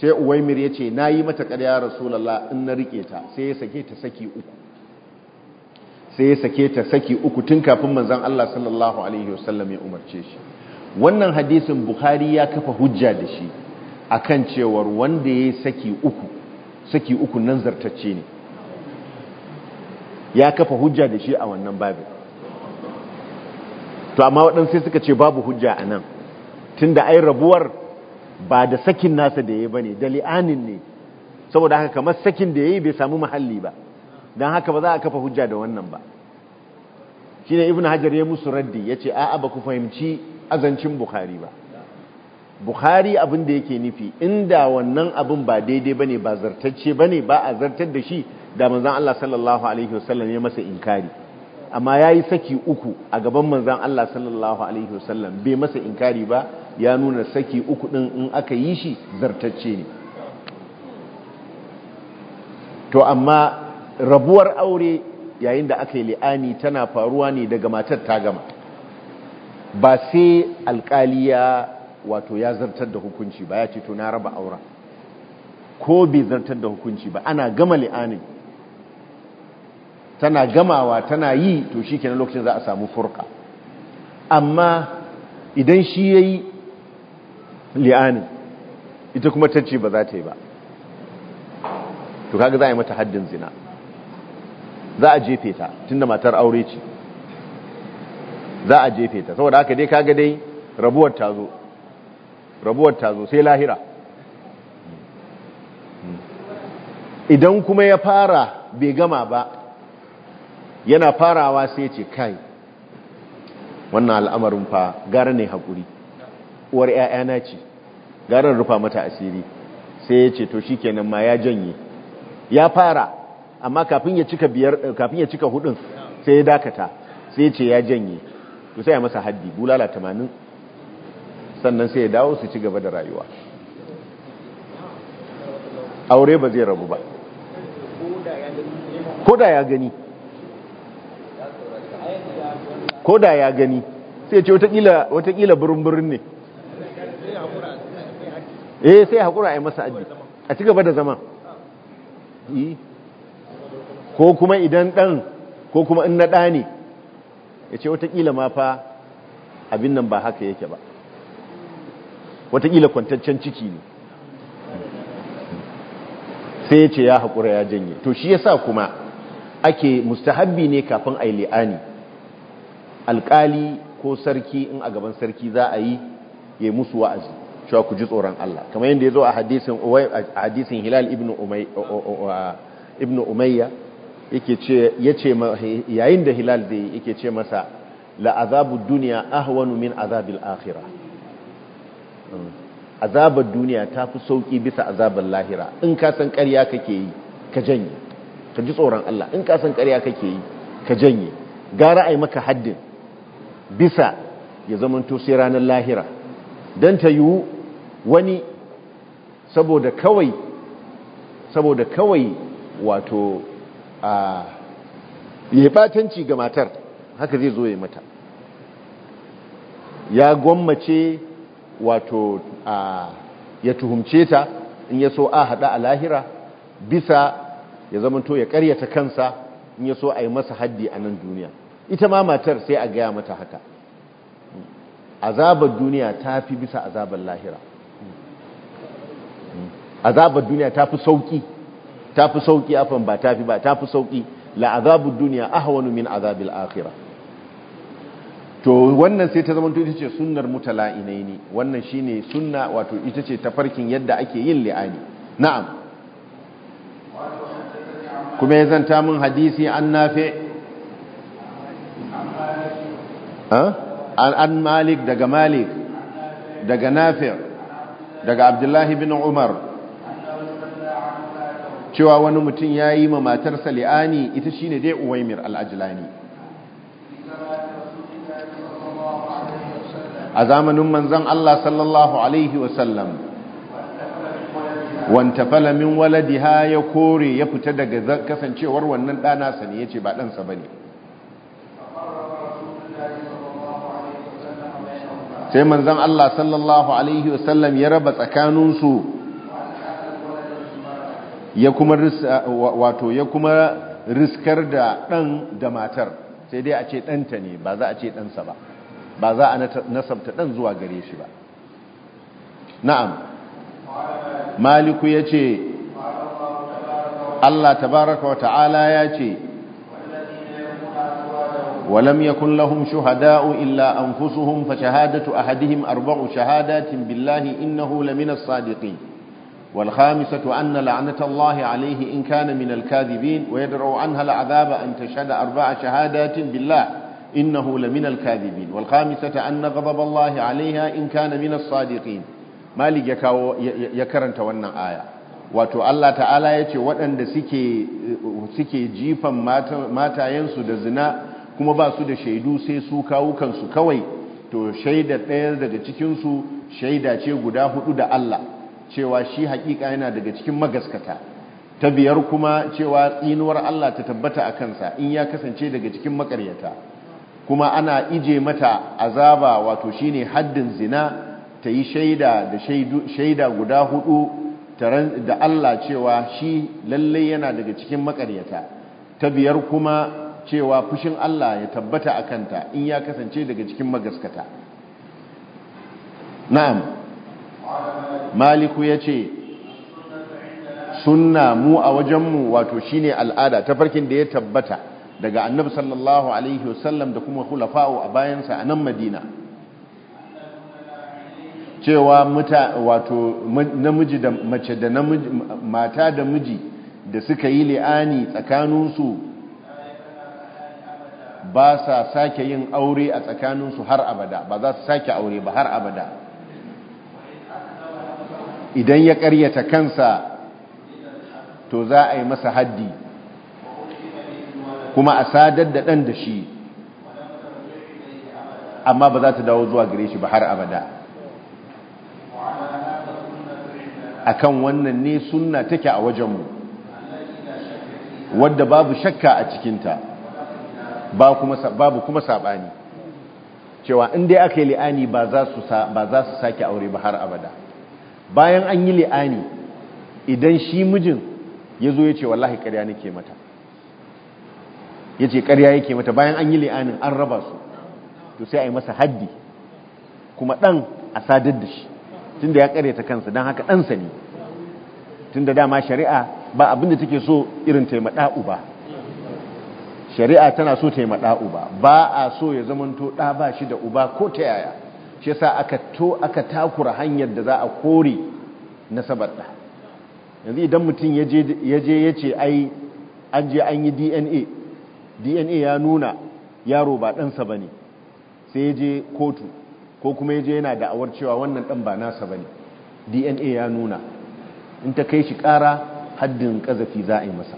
sai uwaimir ya ce na yi mata ƙarya rasulallah in na rike ta sai ya sake ta saki uku sai ya sake ta saki uku tun kafin manzan Allah sallallahu alaihi wasallam ya umarce shi wannan hadisin bukhari ya kafa hujja da shi akan cewar wanda ya saki uku saki uku nan zartacce ne ya kafa hujja da shi a wannan babin to amma waɗansu suka ce babu hujja a nan tun da ai rabuwar ba da sakin nasa da ya ba ne da li'anin ne saboda haka kamar sakin da ya yi bai samu mahalli ba don haka ba za a kafa hujja da wannan ba shi ne ibn hajar ya musu raddi ya ce a'a ba ku fahimci azancin bukhari ba bukhari abin da yake nufi inda wannan abin ba daidai ba ne ba zartacce ba ne ba a zartar da shi da manzan Allah sallallahu alaihi wasallam ya masa inkari amma ya yi saki uku a gaban manzan Allah sallallahu alaihi wasallam bai masa inkari ba ya nuna saki uku ɗin in aka yi shi zartacce ne to amma rabuwar aure yayin da aka yi li'ani tana faruwa ne daga matar ta gama ba sai alkali ya wato ya zartar da hukunci ba ya ce to na raba auren ko bai zartar da hukunci ba ana gama li'ani. tana gamawa tana yi to shi kenan lokacin za a samu furka amma idan shi ya yi li'ani ita kuma ta ce ba za ta yi ba to kaga za a yi mata haddin zina za a jefe ta tunda matar aure ce za a jefe ta saboda haka dai kaga dai rabuwar ta zo rabuwar ta zo sai lahira idan kuma ya fara bai gama ba yana farawa sai ce kai wannan al'amarin fa gara ne haƙuri uwar ‘ya'yana ce garin rufa mata asiri sai ya ce to shi kenan ma ya janye ya fara amma kafin ya cika hudun sai ya dakata sai ya ce ya janye to sai ya masa haddi bulala tamanin sannan sai ya dawo su ci gaba da rayuwa aure ba zai rabu ba koda ya gani koda ya gani sai ce watakila burin-burin ne eh sai hakura a masa addi a ci gaba da zama ko kuma idan ɗan ko kuma in na ɗa ne ya ce watakila ma fa abin nan ba haka yake ba watakila kwantaccen ciki ne sai ya ce ya hakura ya janye to shi yasa kuma ake mustahabbi ne kafin a yi li'ani alƙali ko sarki in a gaban sarki za a yi ya musu wa'azi cewa ku ji tsoron Allah kamar yadda ya zo a hadisin Hilal ibn Umayya ya ce yayin da Hilal zai ya ce masa la azabu dunya ahwanu min azabil akhira hmm. azabar duniya ta fi sauƙi bisa azabar lahira in ka san ƙarya kake yi ka janye ka ji tsoron Allah in ka san ƙarya kake yi ka janye gara a maka haddin bisa ya zamanto sai ranar lahira don ta yiwu wani saboda kawai saboda kawai wato a yi batanci ga matar haka zai zo ya mata ya gwammace wato a ya tuhumce ta in ya so a hada a lahira bisa ya zamanto ya karyata kansa in ya so a yi masa haddi a nan duniya ita ma matar sai a gaya mata haka azabar duniya ta fi bisa azabar lahira azabar duniya ta fi sauƙi ta fi sauƙi afan ba ta fi ba ta fi sauƙi azabar duniya ahwanu min azabil akhirah to wannan sai ta zama to ita ce sunnar mutala'inai ne wannan shine sunna wato ita ce ta farkin yadda ake yin li'ani na'am kuma ya zanta min hadisi an nafe. an malik daga malik daga nafi daga abdullahi bin umar cewa wani mutum ya yi ma matarsa li'ani ita shi ne dai uwaimir al'ajilani a zamanin manzan Allah sallallahu Alaihi wasallam wanta falamin waladiha ya kore ya fita daga kasancewar wannan ɗana ne ya ce ba ɗansa ba ne sai manzan Allah sallallahu Alaihi wasallam ya raba tsakaninsu ya kuma wato ya kuma riskar da ɗan da matar sai dai a ce ɗanta ne ba za a ce ɗansa ba ba za a nasabta ɗan zuwa gare shi ba na'am maliku ya ce Allah tabaraka wa ta'ala ya ce ولم يكن لهم شهداء إلا أنفسهم فشهادة أحدهم أربع شهادات بالله إنه لمن الصادقين والخامسة أن لعنة الله عليه إن كان من الكاذبين ويدرع عنها العذاب أن تشهد أربع شهادات بالله إنه لمن الكاذبين والخامسة أن غضب الله عليها إن كان من الصادقين مالك يكاو يكرن تونا آية wato Allah ta'ala ya ce waɗanda suke jifan matayensu da zina kuma ba su da shaidu sai su kawukansu kawai to shaida ɗaya daga cikinsu shaida ce guda hudu da Allah cewa shi hakika yana daga cikin magaskata ta biyar kuma cewa tsinuwar Allah ta tabbata a kansa in ya kasance daga cikin makaryata kuma ana ije mata azaba wato shine haddin zina ta yi shaida da shaida guda hudu da Allah cewa shi lallai yana daga cikin makaryata ta biyar kuma cewa fushin Allah ya tabbata a kanta in ya kasance daga cikin magaskata na'am maliku ya ce sunna mu a wajenmu wato shine al'ada ta farkin da ya tabbata daga annabi sallallahu alaihi wasallam da kuma khulafa'u a bayansa a nan madina cewa wato namiji da mace da mata da miji da suka yi li'ani tsakaninsu ba sa sake yin aure a tsakaninsu har abada ba za su sake aure ba har abada idan ya karyata kansa to za a yi masa haddi kuma a sadar da ɗan da shi amma ba za ta dawo zuwa gare shi ba har abada A kan wannan ne sunna take a wajenmu wadda babu shakka a cikinta babu kuma saɓani cewa inda aka yi li'ani ba za su sake aure ba har abada bayan an yi li'ani idan shi mijin ya zo ya ce wallahi karya nake mata ya ce karya yake mata bayan an yi li'anin an raba su to sai a yi masa haddi kuma ɗan a sadar da shi tun da ya ta kansa don haka ɗansa ne tun da dama shari'a ba abinda take so irin taimada'u uba shari'a tana so taimada'u uba ba a so ya zamanto ɗa ba shi da uba ko ta yaya shi yasa aka to aka takura hanyar da za a kore nasabar yanzu idan mutum ya je ya ce ai an je an yi dna dna ya nuna yaro ba ɗansa ba ne sai ya je kotu ko kuma ya je yana da'awar cewa wannan ɗan ba nasa ba ne dna ya nuna in ta kai shi ƙara haddin ƙazafi za a yi masa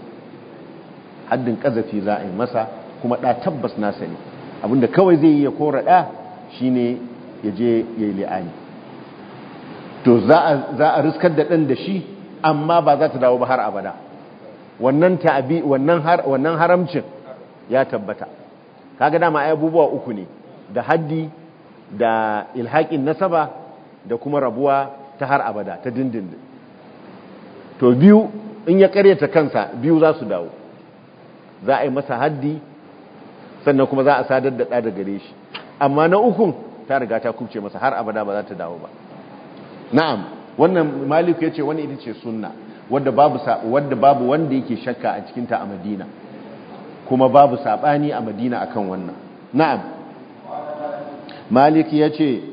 haddin ƙazafi za a yi masa kuma ɗa tabbas nasa ne abinda kawai zai yi ya kora ɗa shine ya je ya yi li'ani to za a riskar da ɗan da shi amma ba za ta dawo ba har abada wannan ta'abi wannan haramcin ya tabbata kaga dama ai abubuwa uku ne da haddi da ilhaƙin nasaba da kuma rabuwa ta har abada ta dindindin to biyu in ya karyata kansa biyu za su dawo za a yi masa haddi sannan kuma za a sadar da ɗa da gare shi amma na ukun ta riga ta kubce masa har abada ba za ta dawo ba na'am wannan maliku yace wani ita ce sunna wadda babu wanda babu wanda yake shakka a cikin ta a Madina kuma babu sabani a Madina akan wannan na'am malik yace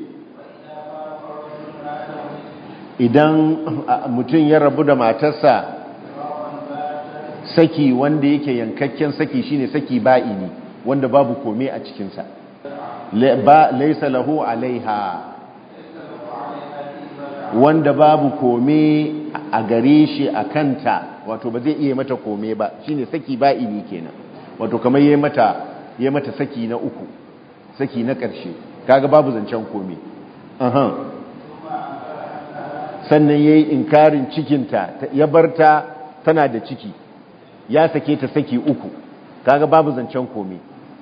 idan mutum ya rabu da matarsa saki wanda yake yankakken saki shine saki ba'ini wanda babu kome a cikinsa laisa lahu alaiha wanda babu kome a gare shi a kanta wato ba zai iya mata kome ba shine saki ba ini kenan wato kamar yayi mata yayi mata saki na uku saki na ƙarshe kaga babu zancen kome aha sannan yayi inkarin cikinta ya barta tana da ciki ya sake ta saki uku kaga babu zancen kome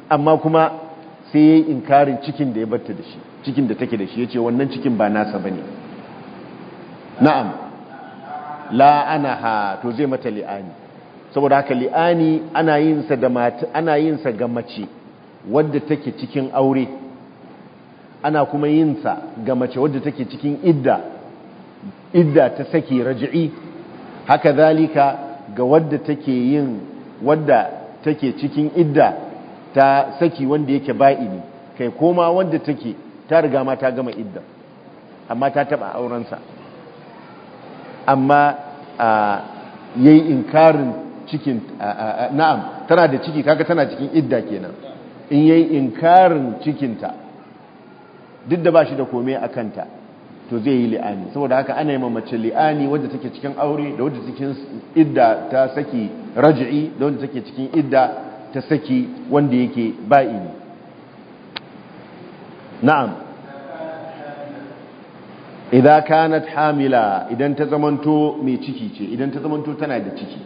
amma kuma sai ya yi inkarin cikin da ya batta da shi cikin da take da shi ya ce wannan cikin ba nasa ba ne na'am la'ana ha to zai mata li'ani saboda haka li'ani ana yin sa ga mace wadda take cikin aure ana kuma yin sa ga mace wadda take cikin idda idda ta saki raji'i haka zalika ga wadda take yin wadda take cikin idda ta saki wanda yake ba'ini kai koma wanda take ta riga ma ta gama iddan amma ta taba aurensa amma yayi inkarin cikin na'am tana da ciki kaga tana cikin idda kenan in yayi inkarin cikinta duk da bashi da komai a kanta to zai yi li'ani saboda haka ana yi mace li'ani wadda take cikin aure da wadda cikin idda ta saki raj'i da wadda take cikin idda ta saki wanda yake ba'i ne na'am idan kanat hamila idan ta zamanto mai ciki ce idan ta zamanto tana da ciki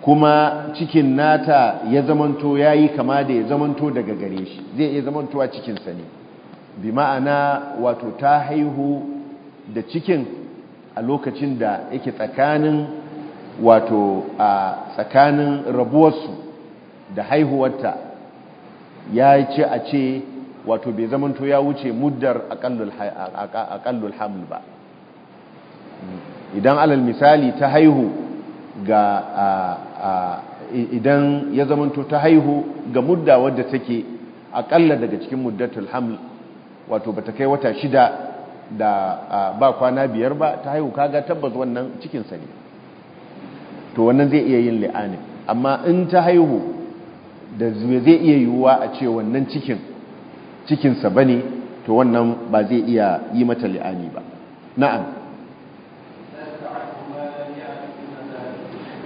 kuma cikin nata ya zamanto ya yi kama da ya zamanto daga gare shi zai iya zamantowa cikinsa ne bi ma'ana wato ta haihu da cikin a lokacin da yake tsakanin wato a tsakanin rabuwarsu da haihuwarta ya ce a ce wato bai zamanto ya wuce muddar akallul haml ba idan alal misali ta haihu ga idan ya zamanto ta haihu ga mudda wadda take akalla daga cikin muddatul haml wato bata kai wata shida da ba kwana biyar ba ta haihu kaga tabbas wannan cikinsa ne to wannan zai iya yin li'anin amma in ta haihu da zai iya yiwuwa a ce wannan cikin cikinsa ba ne to wannan ba zai iya yi mata li'ani ba na'am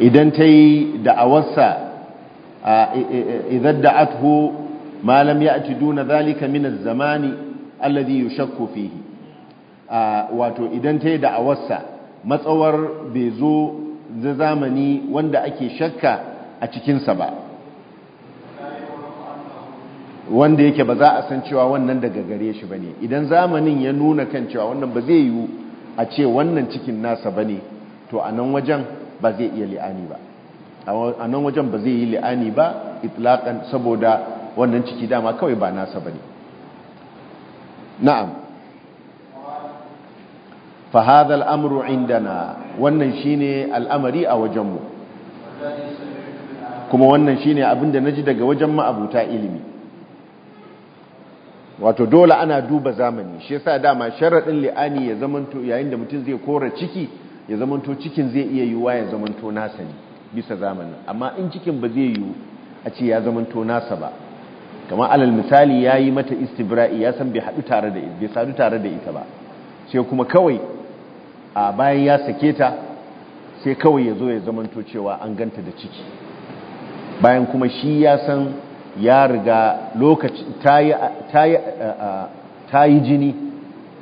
idan ta yi da'awarsa idan da'athu ma lam ya'ti duna zalika min zamani alladhi yushakku fihi wato idan ta yi da'awarsa matsawar bai zo na zamani wanda ake shakka a cikinsa ba wanda yake ba za a san cewa wannan daga gare shi ba idan zamanin ya nuna kan cewa wannan ba zai yiwu a ce wannan cikin nasa ba ne to a nan wajen ba zai iya li'ani ba a nan wajen ba zai yi li'ani ba itlaƙan saboda wannan ciki dama kawai ba nasa ba na'am فهذا الأمر عندنا wannan shine al'amari a wajenmu kuma wannan shine abin da ji daga wajen ma'abuta ilimi wato dole ana duba zamani shi yasa dama sharadin li'ani ya zamanto yayin da mutum zai kora ciki ya zamanto cikin zai iya yiwuwa ya zamanto nasa ne bisa zamanin amma in cikin ba zai yiwu a ce ya zamanto nasa ba kamar alal misali yi mata istibra'i ya san bai hadu tare bai sadu tare da ita ba sai kuma kawai a bayan ya sake ta sai kawai ya zo ya zamanto cewa an ganta da ciki bayan kuma shi ya san ya riga lokaci ta yi jini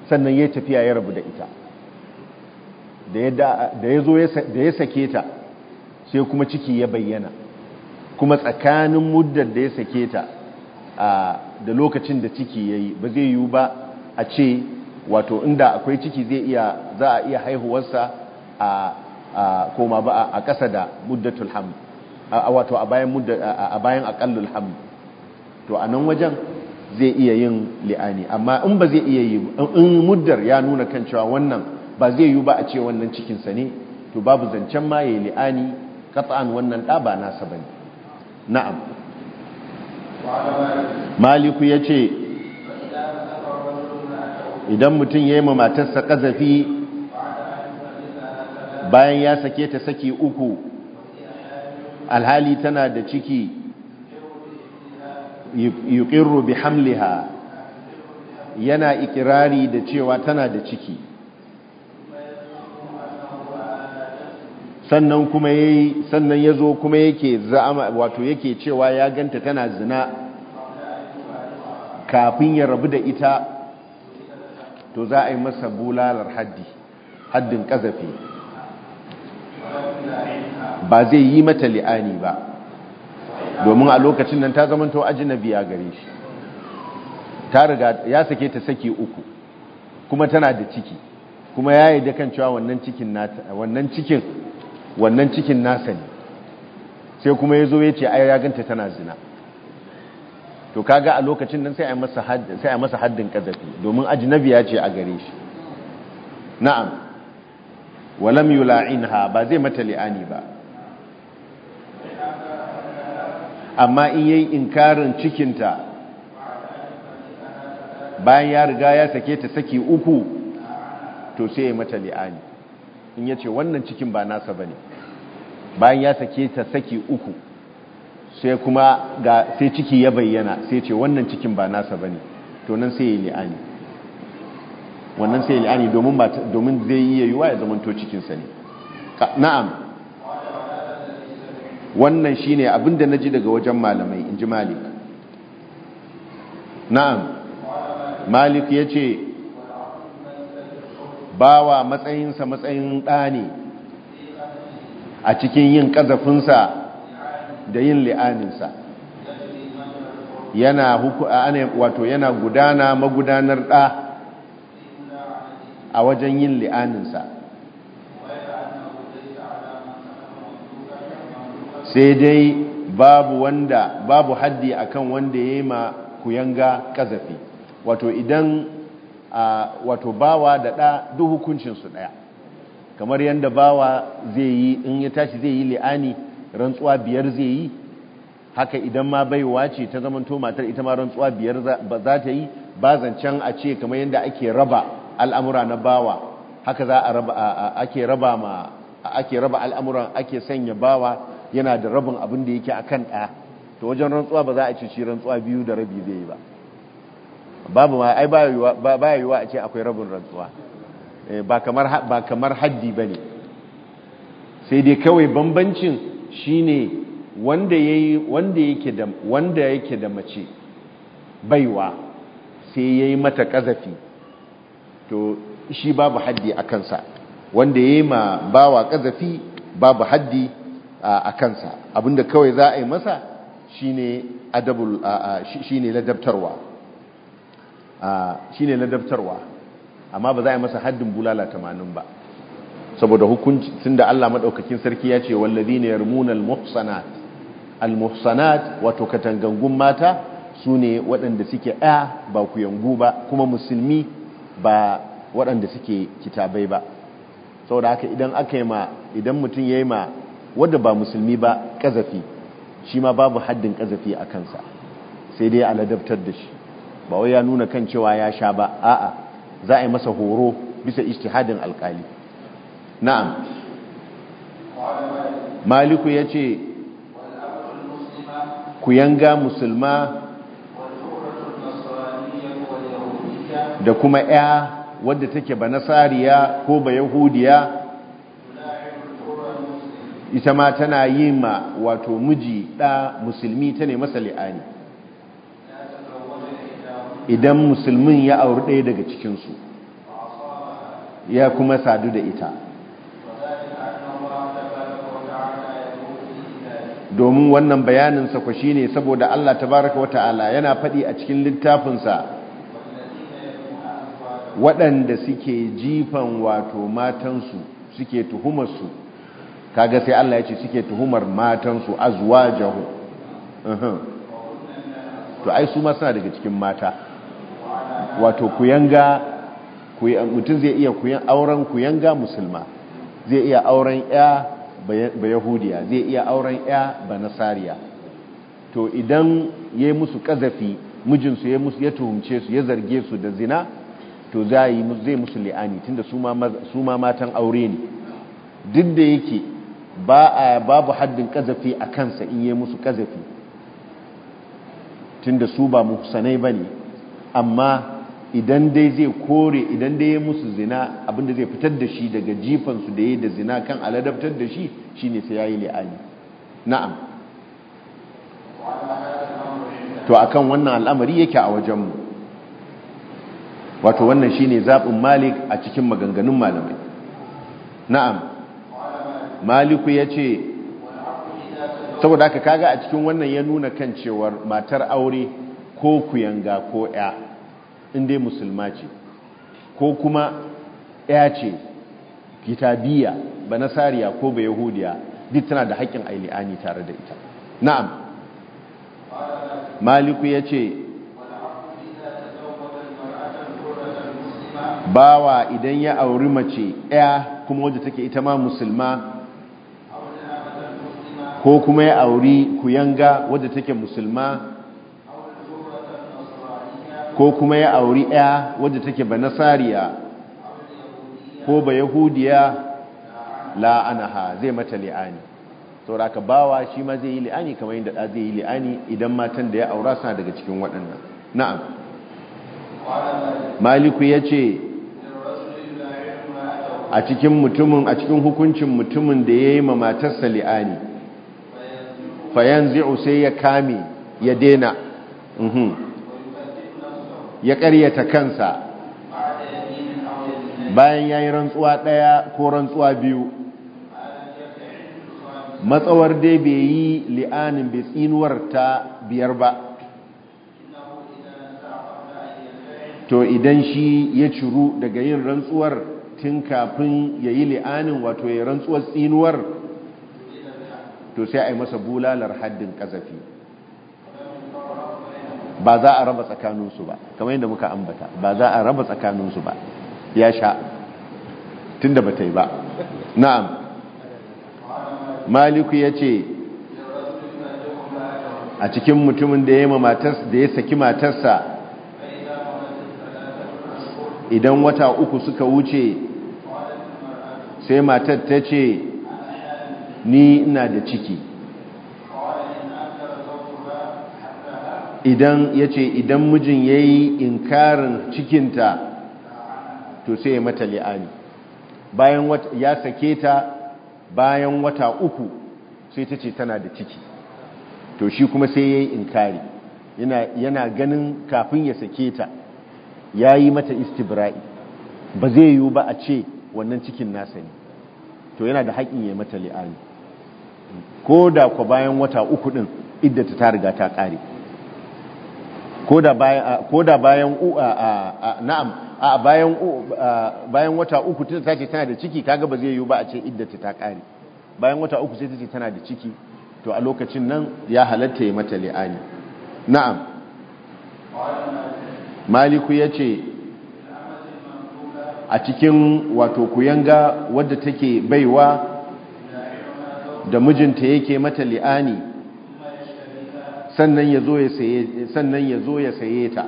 sannan ya tafiya ya rabu da ita da ya zo ya sake ta sai kuma ciki ya bayyana kuma tsakanin muddar da ya sake ta da lokacin da ciki ya yi ba zai yiwu ba a ce wato inda akwai ciki zai iya za a iya haihuwarsa a koma ba a ƙasa da muddatul ham wato a bayan a bayan ham to a nan wajen zai iya yin li'ani amma in ba zai iya yi in muddar ya nuna kan cewa wannan ba zai yi ba a ce wannan cikinsa ne to babu zancen ma yi li'ani qat'an wannan nasa ba nasa na'am maliku ya ce. idan mutum ya yi ma matarsa ƙazafi bayan ya sake ta saki uku alhali tana da ciki bi hamliha yana ikirari da cewa tana da ciki sannan kuma yi sannan zo kuma yake za'ama wato yake cewa ya ganta tana zina kafin ya rabu da ita to za a yi masa bulalar haddi haddin kazafi ba zai yi mata li'ani ba domin a lokacin nan ta zamanto ajinabi a gare shi ta riga ya sake ta sake uku kuma tana da ciki kuma ya yi dakan cewa wannan cikin wannan cikin wannan nasa ne sai kuma ya zo ya ce ai ya ganta tana zina to kaga a lokacin nan sai a masa masa haddin kazafi domin ya ce a gare shi na'am walam yula'inha ba zai mata li'ani ba amma in yi inkarin cikinta bayan ya riga ya sake ta saki uku to sai ya mata li'ani in yace wannan cikin ba nasa ba ne bayan ya sake ta saki uku sai kuma ga sai ciki ya bayyana sai ce wannan cikin ba nasa bane to nan sai ya yi li'ani wannan sai ya yi li'ani domin zai iya yayuwa ya zama cikin sa ne na'am wannan shine abinda ji daga wajen malamai in ji malik na'am malik ya ba bawa matsayinsa matsayin ɗani a cikin yin ƙazafinsa da yin li'aninsa yana huku wato yana gudana magudanar ɗa a wajen yin li'aninsa sai dai babu wanda babu haddi akan wanda ya yi ma kuyanga kazafi wato idan wato bawa da ɗa duk hukuncinsu ɗaya kamar yadda bawa zai yi in ya tashi zai yi li'ani rantsuwa biyar zai yi haka idan ma baiwa ce ta zamanto matar ita ma rantsuwa biyar za ta yi ba zancen a ce kamar yadda ake raba al'amura na bawa haka za a raba ake raba ma ake raba al'amuran ake sanya bawa yana da rabin abin da yake akan ɗaya to wajen rantsuwa ba za a ce shi rantsuwa biyu da rabi zai yi ba babu ma ai ba yiwa a ce akwai rabin rantsuwa eh, ba kamar haddi ba ne sai dai kawai bambancin shine wanda wanda yake da yake da mace baiwa sai yayi mata kazafi to shi babu haddi a kansa wanda yayi ma bawa kazafi babu haddi a kansa abinda kawai za a yi masa shine adabul shine ladabtarwa shine ladabtarwa amma ba za a yi masa haddin bulala tamanin ba saboda hukunci da Allah madaukakin sarki ya ce wallazina muhsanat al muhsanat wato katangangun mata sune waɗanda suke a ba kuyangu ba kuma musulmi ba waɗanda suke kitabai ba saboda haka idan aka yi ma idan mutum yayi ma wanda ba musulmi ba ƙazafi shi ma babu haddin kazafi a kansa sai dai aladabtar da shi ba wai ya nuna kan cewa ya sha ba a'a za a yi masa horo bisa ijtihadin alkali na'am maliku ya ce ku yanga musulma da kuma ya wadda take ba nasariya ko ba yahudiya ita ma tana yi ma wato miji ɗa musulmi ta ne masa li'ani idan musulmin ya auri ɗaya daga cikinsu ya kuma sadu da ita domin wannan bayanin sa ku shine saboda Allah tabaraka wata'ala yana faɗi a cikin littafin sa waɗanda suke jifan wato matansu suke tuhumarsu kaga sai Allah ya ce suke tuhumar matansu azwajahu to ai su ma suna daga cikin mata wato kuyanga mutum zai iya auren kuyanga musulma zai iya auren ya ba yahudiya zai iya auren ya ba nasariya to idan ya musu kazafi mijinsu ya musu ya tuhumce su ya zarge su da zina to zai musu li'ani tunda su ma matan aure ne duk da yake ba a babu haddin kazafi a kansa in ya musu kazafi tunda su ba muhsanai bane amma idan dai zai kore idan dai ya musu zina abinda zai fitar da shi daga jifansu da ya da zina kan aladabtar da shi shine sai yi li'ani na'am to akan wannan al'amari yake a wajenmu wato wannan shine zaɓin malik a cikin maganganun malamai na'am maliku ya ce saboda haka kaga a cikin wannan ya nuna kan cewar matar aure ko kuyanga ko ya in dai musulma ce ko kuma ya ce kitabiya ba nasariya ko ba yahudiya duk tana da haƙƙin aili'ani tare da ita na'am maliku ya ce bawa idan ya auri mace ya kuma wadda take ita ma musulma ko kuma ya auri kuyanga wadda take musulma ko kuma ya auri ya wadda take ba nasariya ko ba yahudiya la'anaha zai mata li'ani sauraka bawa shi ma zai yi li'ani kamar yadda da zai yi li'ani idan matan da ya aura sa daga cikin waɗannan na'am maliku ya ce a cikin mutumin a cikin hukuncin mutumin da ya yi ma matarsa li'ani fayan zi'u sai ya kame ya dena mhm. ya ƙaryata kansa bayan ya yi rantsuwa ɗaya ko rantsuwa biyu matsawar dai bai yi li'anin bai tsinuwar ta biyar ba to idan shi ya ciru daga yin rantsuwar tun kafin ya yi li'anin wato ya rantsuwar tsinuwar to sai a yi masa bulalar haddin ƙazafi ba za a raba tsakaninsu ba kamar yadda muka ambata ba za a raba tsakaninsu ba ya sha tun da ba yi ba na'am maliku ya ce a cikin mutumin da ya saki matarsa idan wata uku suka wuce sai matar ta ce ni ina da ciki idan ya ce idan mijin ya yi inkarin cikinta to sai ya mata li'ani bayan ya sake ta bayan wata uku sai ta ce tana da ciki to shi kuma sai ya yi inkari yana ganin kafin ya sake ta ya yi mata istibra'i ba zai yiwu ba a ce wannan cikin nasa ne to yana da haƙin ya mata li'ani ko da kwa bayan wata uku ɗin idda ta riga ta ƙare koda bayan na'am bayan wata uku tace tana da ciki kaga ba zai yiwu ba a ce iddata ta kare bayan wata uku sai tace tana da ciki to a lokacin nan ya halatta ya mata li'ani na'am maliku ce a cikin wato kuyanga wadda take baiwa da mijinta yake mata li'ani sannan ya zo ya saye ta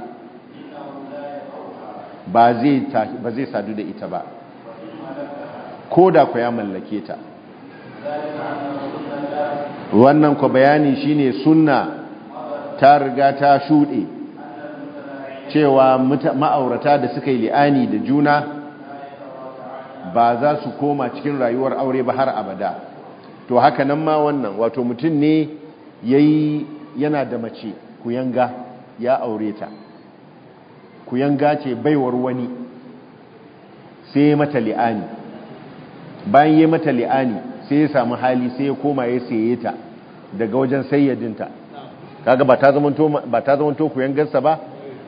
ba zai sadu da ita ba ko ku ya mallake ta wannan ku bayani shine sunna ta riga ta shuɗe. cewa ma'aurata da suka yi li'ani da juna ba za su koma cikin rayuwar aure ba har abada to haka nan ma wannan wato mutum ne ya yi. yana da mace ku yanga ya aure ta ku yanga ce baiwar wani sai ya mata li'ani bayan ya mata li'ani sai ya samu hali sai ya koma ya saye ta daga wajen sayyadinta kaga ba ta zamanto to ku zamanto ba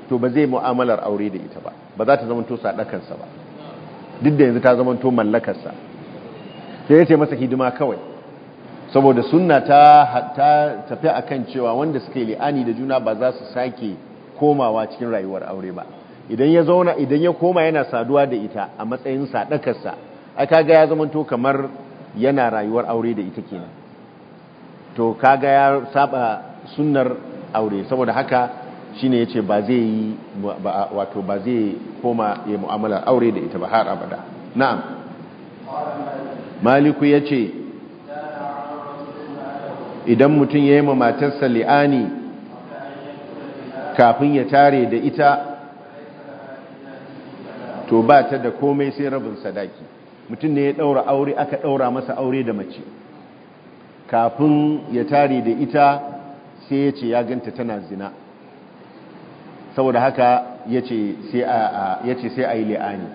to ba zai mu'amalar aure da ita ba ba za ta to sadakarsa ba duk da yanzu ta zamanto mallakarsa sai ya ce masa hidima kawai saboda sunna ta tafi a kan cewa wanda suka yi li'ani da juna ba za su sake komawa cikin rayuwar aure ba idan ya zauna idan ya koma yana saduwa da ita a matsayin sadakarsa ai kaga ya zamanto kamar yana rayuwar aure da ita kenan to kaga ya saba sunnar aure saboda haka shine yace ba zai yi wato ba zai koma ya mu'amala aure da ita ba har abada na'am maliku ce. idan mutum ya yi ma matarsa li'ani kafin ya tare da ita to ba ta da komai sai rabin sadaki mutum ne ya ɗaura aure aka ɗaura masa aure da mace kafin ya tare da ita sai ya ce ya ganta tana zina saboda haka ya ce sai a yi li'ani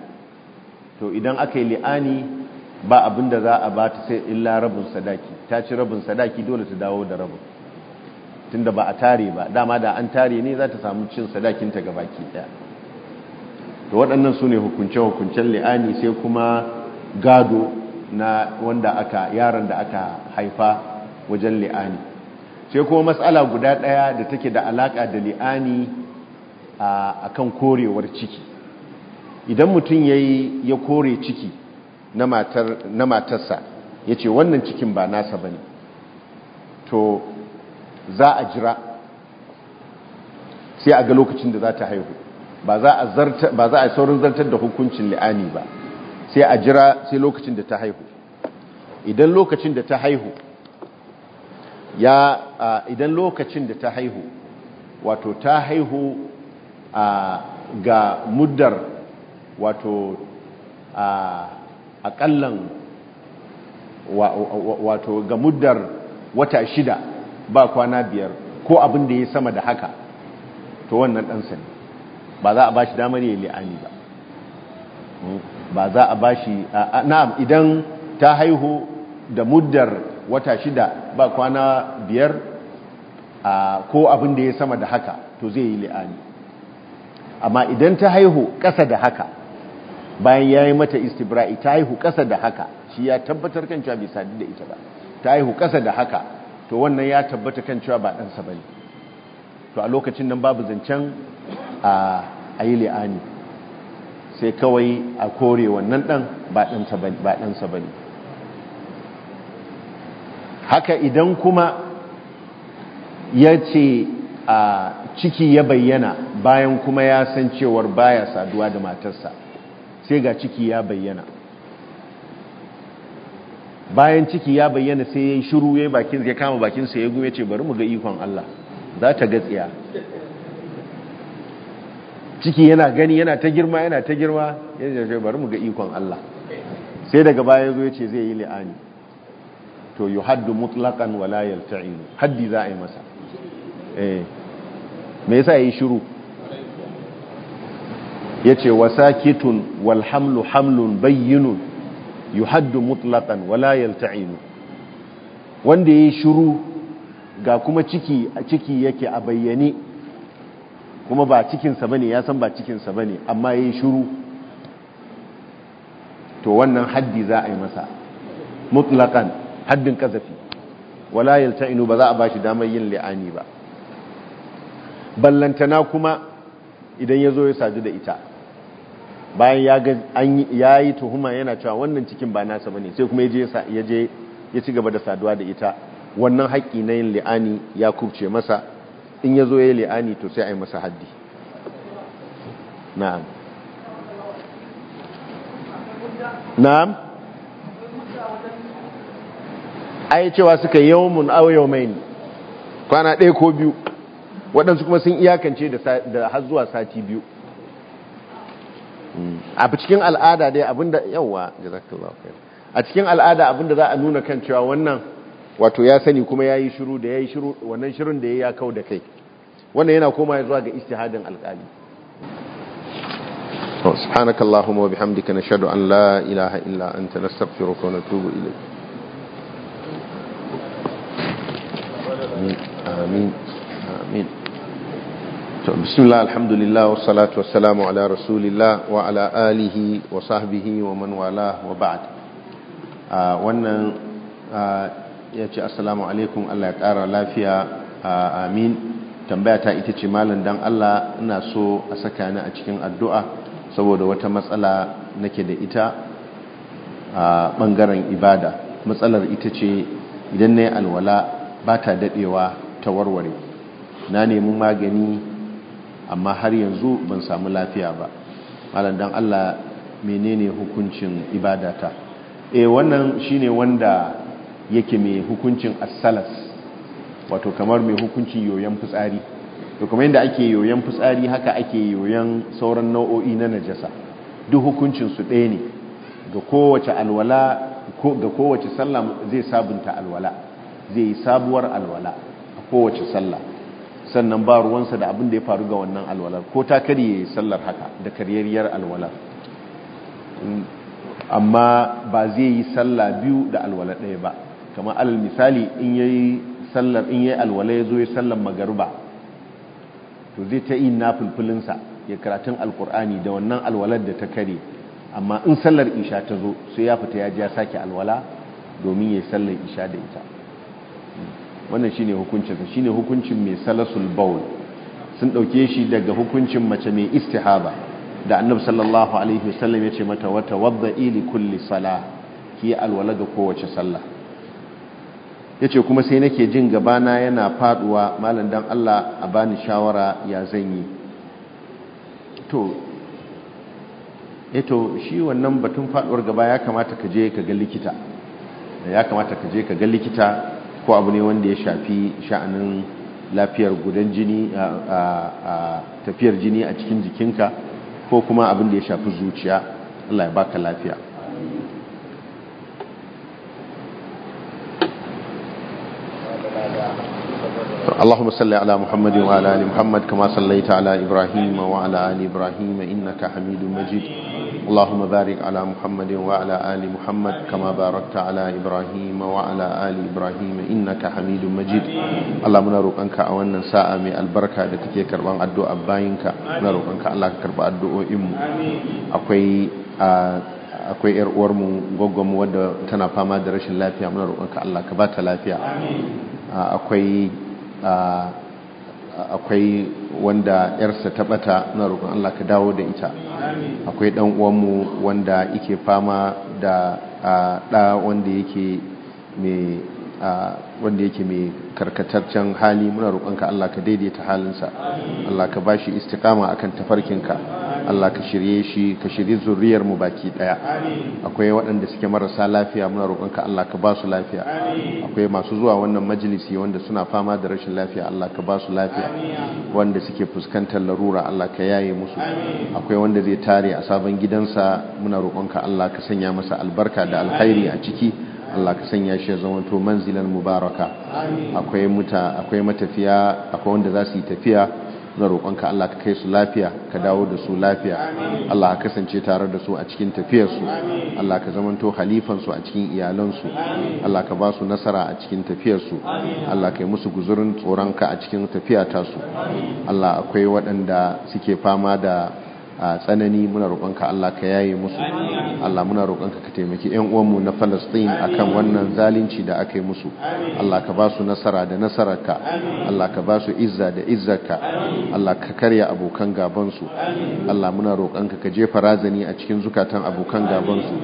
to idan aka yi li'ani ba abin da za a ba ta sai illa rabin sadaki ta ci rabin sadaki dole ta dawo da rabin tunda ba a tare ba dama da an tare ne za ta samu cin sadakinta ga baki daya da waɗannan su ne hukunce-hukuncen li'ani sai kuma gado na wanda aka yaran da aka haifa wajen li'ani sai kuma matsala guda ɗaya da take da alaƙa da li'ani a kan korewar ciki idan mutum ya kore ciki na matarsa ya ce wannan cikin ba nasa ba ne to za a jira sai a ga lokacin da za ta haihu ba za a saurin zartar da hukuncin la'ani ba sai a jira sai lokacin da ta haihu idan lokacin da ta haihu ya idan lokacin da ta haihu wato ta haihu ga muddar wato a akallan wato ga muddar wata shida ba kwana biyar ko abin da ya sama da haka to wannan ɗansa ne ba za a ba shi damar ya li'ani ba ba za a ba shi na'am idan ta haihu da muddar wata shida ba kwana biyar ko abin da ya sama da haka to zai yi li'ani amma idan ta haihu ƙasa da haka bayan ya yi mata istibra'i ta haihu ƙasa da haka shi ya tabbatar kan cewa bai sadu da ita ba ta haihu ƙasa da haka to wannan ya tabbatar kan cewa ba ɗansa ba ne to a lokacin nan babu zancen a yi li'ani sai kawai a kore wannan ɗan ba ɗansa ba ne haka idan kuma ya ce a ciki ya bayyana bayan kuma ya san cewar baya saduwa da matarsa sai ga ciki ya bayyana bayan ciki ya bayyana sai ya yi shiru ya bakin ya kama bakinsa ya gume ce bari mu ga ikon Allah za ta gatsiya ciki yana gani yana ta girma yana ta girma ya ce bari mu ga ikon Allah sai daga baya zo ya ce zai yi li'ani to haddu mutlaqan walayar ta'inu haddi za a yi masa eh me yasa yi shiru ya ce wasakitun walhamlu hamlun bayyinun yuhaddu mutlaqan wala ta'inu wanda yayi shuru ga kuma ciki a ciki yake a bayyane kuma ba cikinsa ba ne ya san ba cikinsa ba ne amma ya yi shuru to wannan haddi za a yi masa mutlakan haddin kazafi wala ta'inu ba za a ba shi damar yin li'ani ba ballantana kuma idan ya zo ya sadu da ita bayan ya ga ya yi tuhuma yana cewa wannan cikin ba nasa bane sai kuma yaje ya je ya ci gaba da saduwa da ita wannan haƙƙi na yin li'ani ya kubce masa in ya zo ya yi li'ani to sai a yi masa haddi na'am na'am ai cewa suka yawmun aw yawmain kwana ɗaya ko biyu waɗansu kuma sun iyakance da har zuwa sati biyu a cikin al'ada dai abinda yawa jazakallahu khair a cikin al'ada abinda za a nuna kan cewa wannan wato ya sani kuma yayi shiru da yayi shiru wannan shirun da yayi ya kau da kai wannan yana koma zuwa ga istihadin alƙali to oh, subhanakallahumma wa bihamdika nashhadu an la ilaha illa anta nastaghfiruka wa natubu ilayk amin amin amin بسم الله الحمد لله والصلاة والسلام على رسول wa وعلى wa وصحبه wa والاه ah, wannan ah, ya ce assalamu alaikum Allah ya ƙara lafiya ah, amin tambaya ta ita ce malam dan Allah ina so a saka ni a cikin addu'a saboda wata matsala nake da ita a ɓangaren ibada matsalar ita ce idan nayi alwala ba ta dadewa ta warware na nemi magani amma har yanzu ban samu lafiya ba malam dan Allah menene hukuncin ibadata eh wannan shine wanda yake mai hukuncin asalas wato kamar mai hukuncin yoyon fitsari to kamar yadda ake yoyon fitsari haka ake yoyon sauran nau'o'i na najasa duk hukuncin su ɗaya ne ga kowace alwala ga kowace sallah zai sabunta alwala zai yi sabuwar alwala a kowace sallah sannan ba ruwansa da abin da ya faru ga wannan alwalar ko ta karye sallar haka da karyayyar alwalar amma ba zai yi salla biyu da alwala ɗaya ba kamar alal misali in yi sallar in yi alwala ya zo ya sallar magarba to zai ta yi fulfulinsa ya karatun alkur'ani da wannan alwalar da ta kare amma in sallar isha ta zo sai ya fita ya ji ya sake alwala domin ya yi sallar isha da ita wannan shine hukuncinsa shine hukuncin mai salasul baul sun dauke shi daga hukuncin mace mai istihaba da annabi sallallahu alaihi wasallam ya ce mata wata wadda ili kulli sala ki alwala ga kowace sallah yace kuma sai nake jin gabana yana faduwa malam dan Allah a bani shawara ya zan yi to eto eh shi wannan batun faduwar gaba ya ya kamata ka je ka ga likita ko abu ne wanda ya shafi sha'anin lafiyar gudan jini a tafiyar jini a cikin jikinka ko kuma abin da ya shafi zuciya Allah ya baka lafiya اللهم صل على محمد وعلى ال محمد كما صليت على ابراهيم وعلى ال ابراهيم انك حميد مجيد اللهم بارك على محمد وعلى آل محمد كما باركت على إبراهيم وعلى آل إبراهيم إنك حميد مجيد اللهم نروقنك أولا ساعة من البركة التي كربان الدعاء باينك نروقنك الله كرب الدعاء إمو أقوي akwai yar uwarmu gwaggwamu wadda tana fama da rashin lafiya muna roƙonka Allah ka ba ta lafiya akwai akwai wanda yarsa ta na roƙon Allah ka dawo da ita akwai dan uwanmu wanda yake fama da ɗa wanda yake mai wanda yake mai karkataccen hali muna roƙonka Allah ka daidaita halinsa Allah ka bashi istiqama akan tafarkinka Allah ka shirye shi ka shirye zuriyar mu baki ɗaya. akwai waɗanda suke marasa lafiya muna roƙonka Allah ka ba su lafiya akwai masu zuwa wannan majalisi wanda suna fama da rashin lafiya Allah ka ba su lafiya wanda suke fuskantar larura Allah ka yaye musu akwai wanda zai tare a sabon gidansa muna roƙonka Allah ka sanya masa albarka da alkhairi a ciki Allah ka sanya shi zama to manzilan mubaraka akwai muta matafiya akwai wanda za su yi tafiya na roƙonka Allah ka kai su lafiya ka dawo da su lafiya Allah ka kasance tare da su a cikin tafiyarsu Allah ka zamanto halifansu a cikin iyalansu Allah ka ba su nasara a cikin tafiyarsu Allah ka yi musu guzurin tsoronka a cikin tafiya tasu Allah akwai waɗanda suke fama da a tsanani muna roƙonka Allah ka yaye musu Allah muna roƙonka ka taimaki ƴan uwanmu na Palestine akan wannan zalunci da aka yi musu Allah ka ba su nasara da nasararka Allah ka ba su izza da izzarka Allah ka karya abokan gaban su Allah muna roƙonka ka jefa razani a cikin zukatan abokan gaban su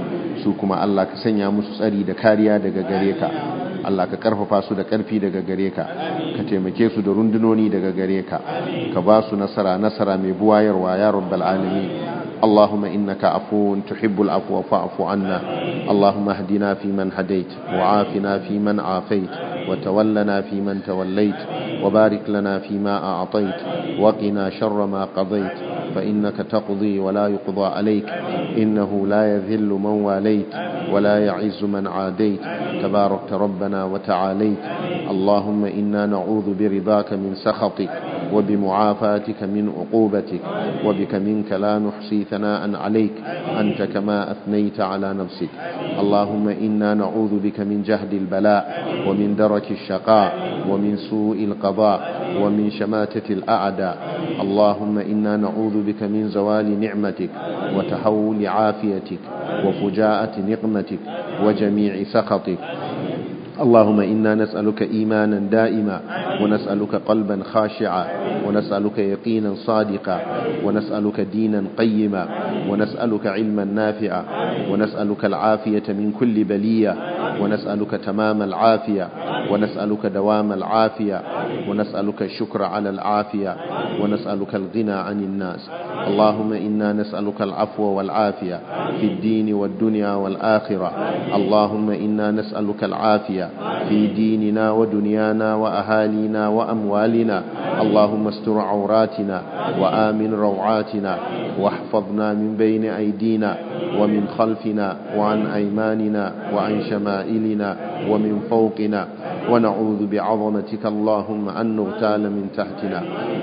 su kuma Allah ka sanya musu tsari da kariya daga gare ka Allah ka karfafa su da karfi daga gare ka ka taimake su da rundunoni daga gare ka ka ba su nasara nasara mai buwayarwa ya rabbal alamin اللهم إنك عفو تحب العفو فاعف عنا اللهم اهدنا فيمن هديت وعافنا فيمن عافيت وتولنا فيمن توليت وبارك لنا فيما أعطيت وقنا شر ما قضيت فإنك تقضي ولا يقضى عليك إنه لا يذل من واليت ولا يعز من عاديت تبارك ربنا وتعاليت اللهم إنا نعوذ برضاك من سخطك وبمعافاتك من عقوبتك وبك منك لا نحصي ثناء عليك أنت كما أثنيت على نفسك اللهم إنا نعوذ بك من جهد البلاء ومن درك الشقاء ومن سوء القضاء ومن شماتة الأعداء اللهم إنا نعوذ بك من زوال نعمتك وتحول عافيتك وفجاءة نقمتك وجميع سخطك اللهم إنا نسألك إيمانا دائما ونسألك قلبا خاشعا ونسألك يقينا صادقا ونسألك دينا قيما ونسألك علما نافعا ونسألك العافية من كل بلية ونسألك تمام العافية ونسألك دوام العافية ونسألك الشكر على العافية ونسألك الغنى عن الناس اللهم إنا نسألك العفو والعافية في الدين والدنيا والآخرة اللهم إنا نسألك العافية في ديننا ودنيانا وأهالينا وأموالنا اللهم استر عوراتنا وآمن روعاتنا واحفظنا من بين أيدينا ومن خلفنا وعن أيماننا وعن شمائلنا ومن فوقنا ونعوذ بعظمتك اللهم أن نغتال من تحتنا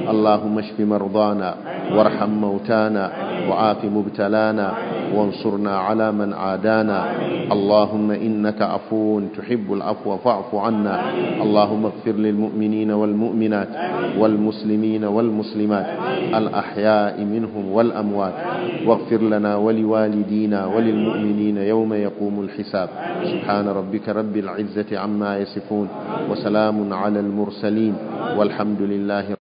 اللهم اشف مرضانا وارحم موتانا وعاف مبتلانا وانصرنا على من عادانا اللهم إنك عفو تحب العفو والعفو فاعف عنا اللهم اغفر للمؤمنين والمؤمنات والمسلمين والمسلمات الأحياء منهم والأموات واغفر لنا ولوالدينا وللمؤمنين يوم يقوم الحساب سبحان ربك رب العزة عما يصفون وسلام على المرسلين والحمد لله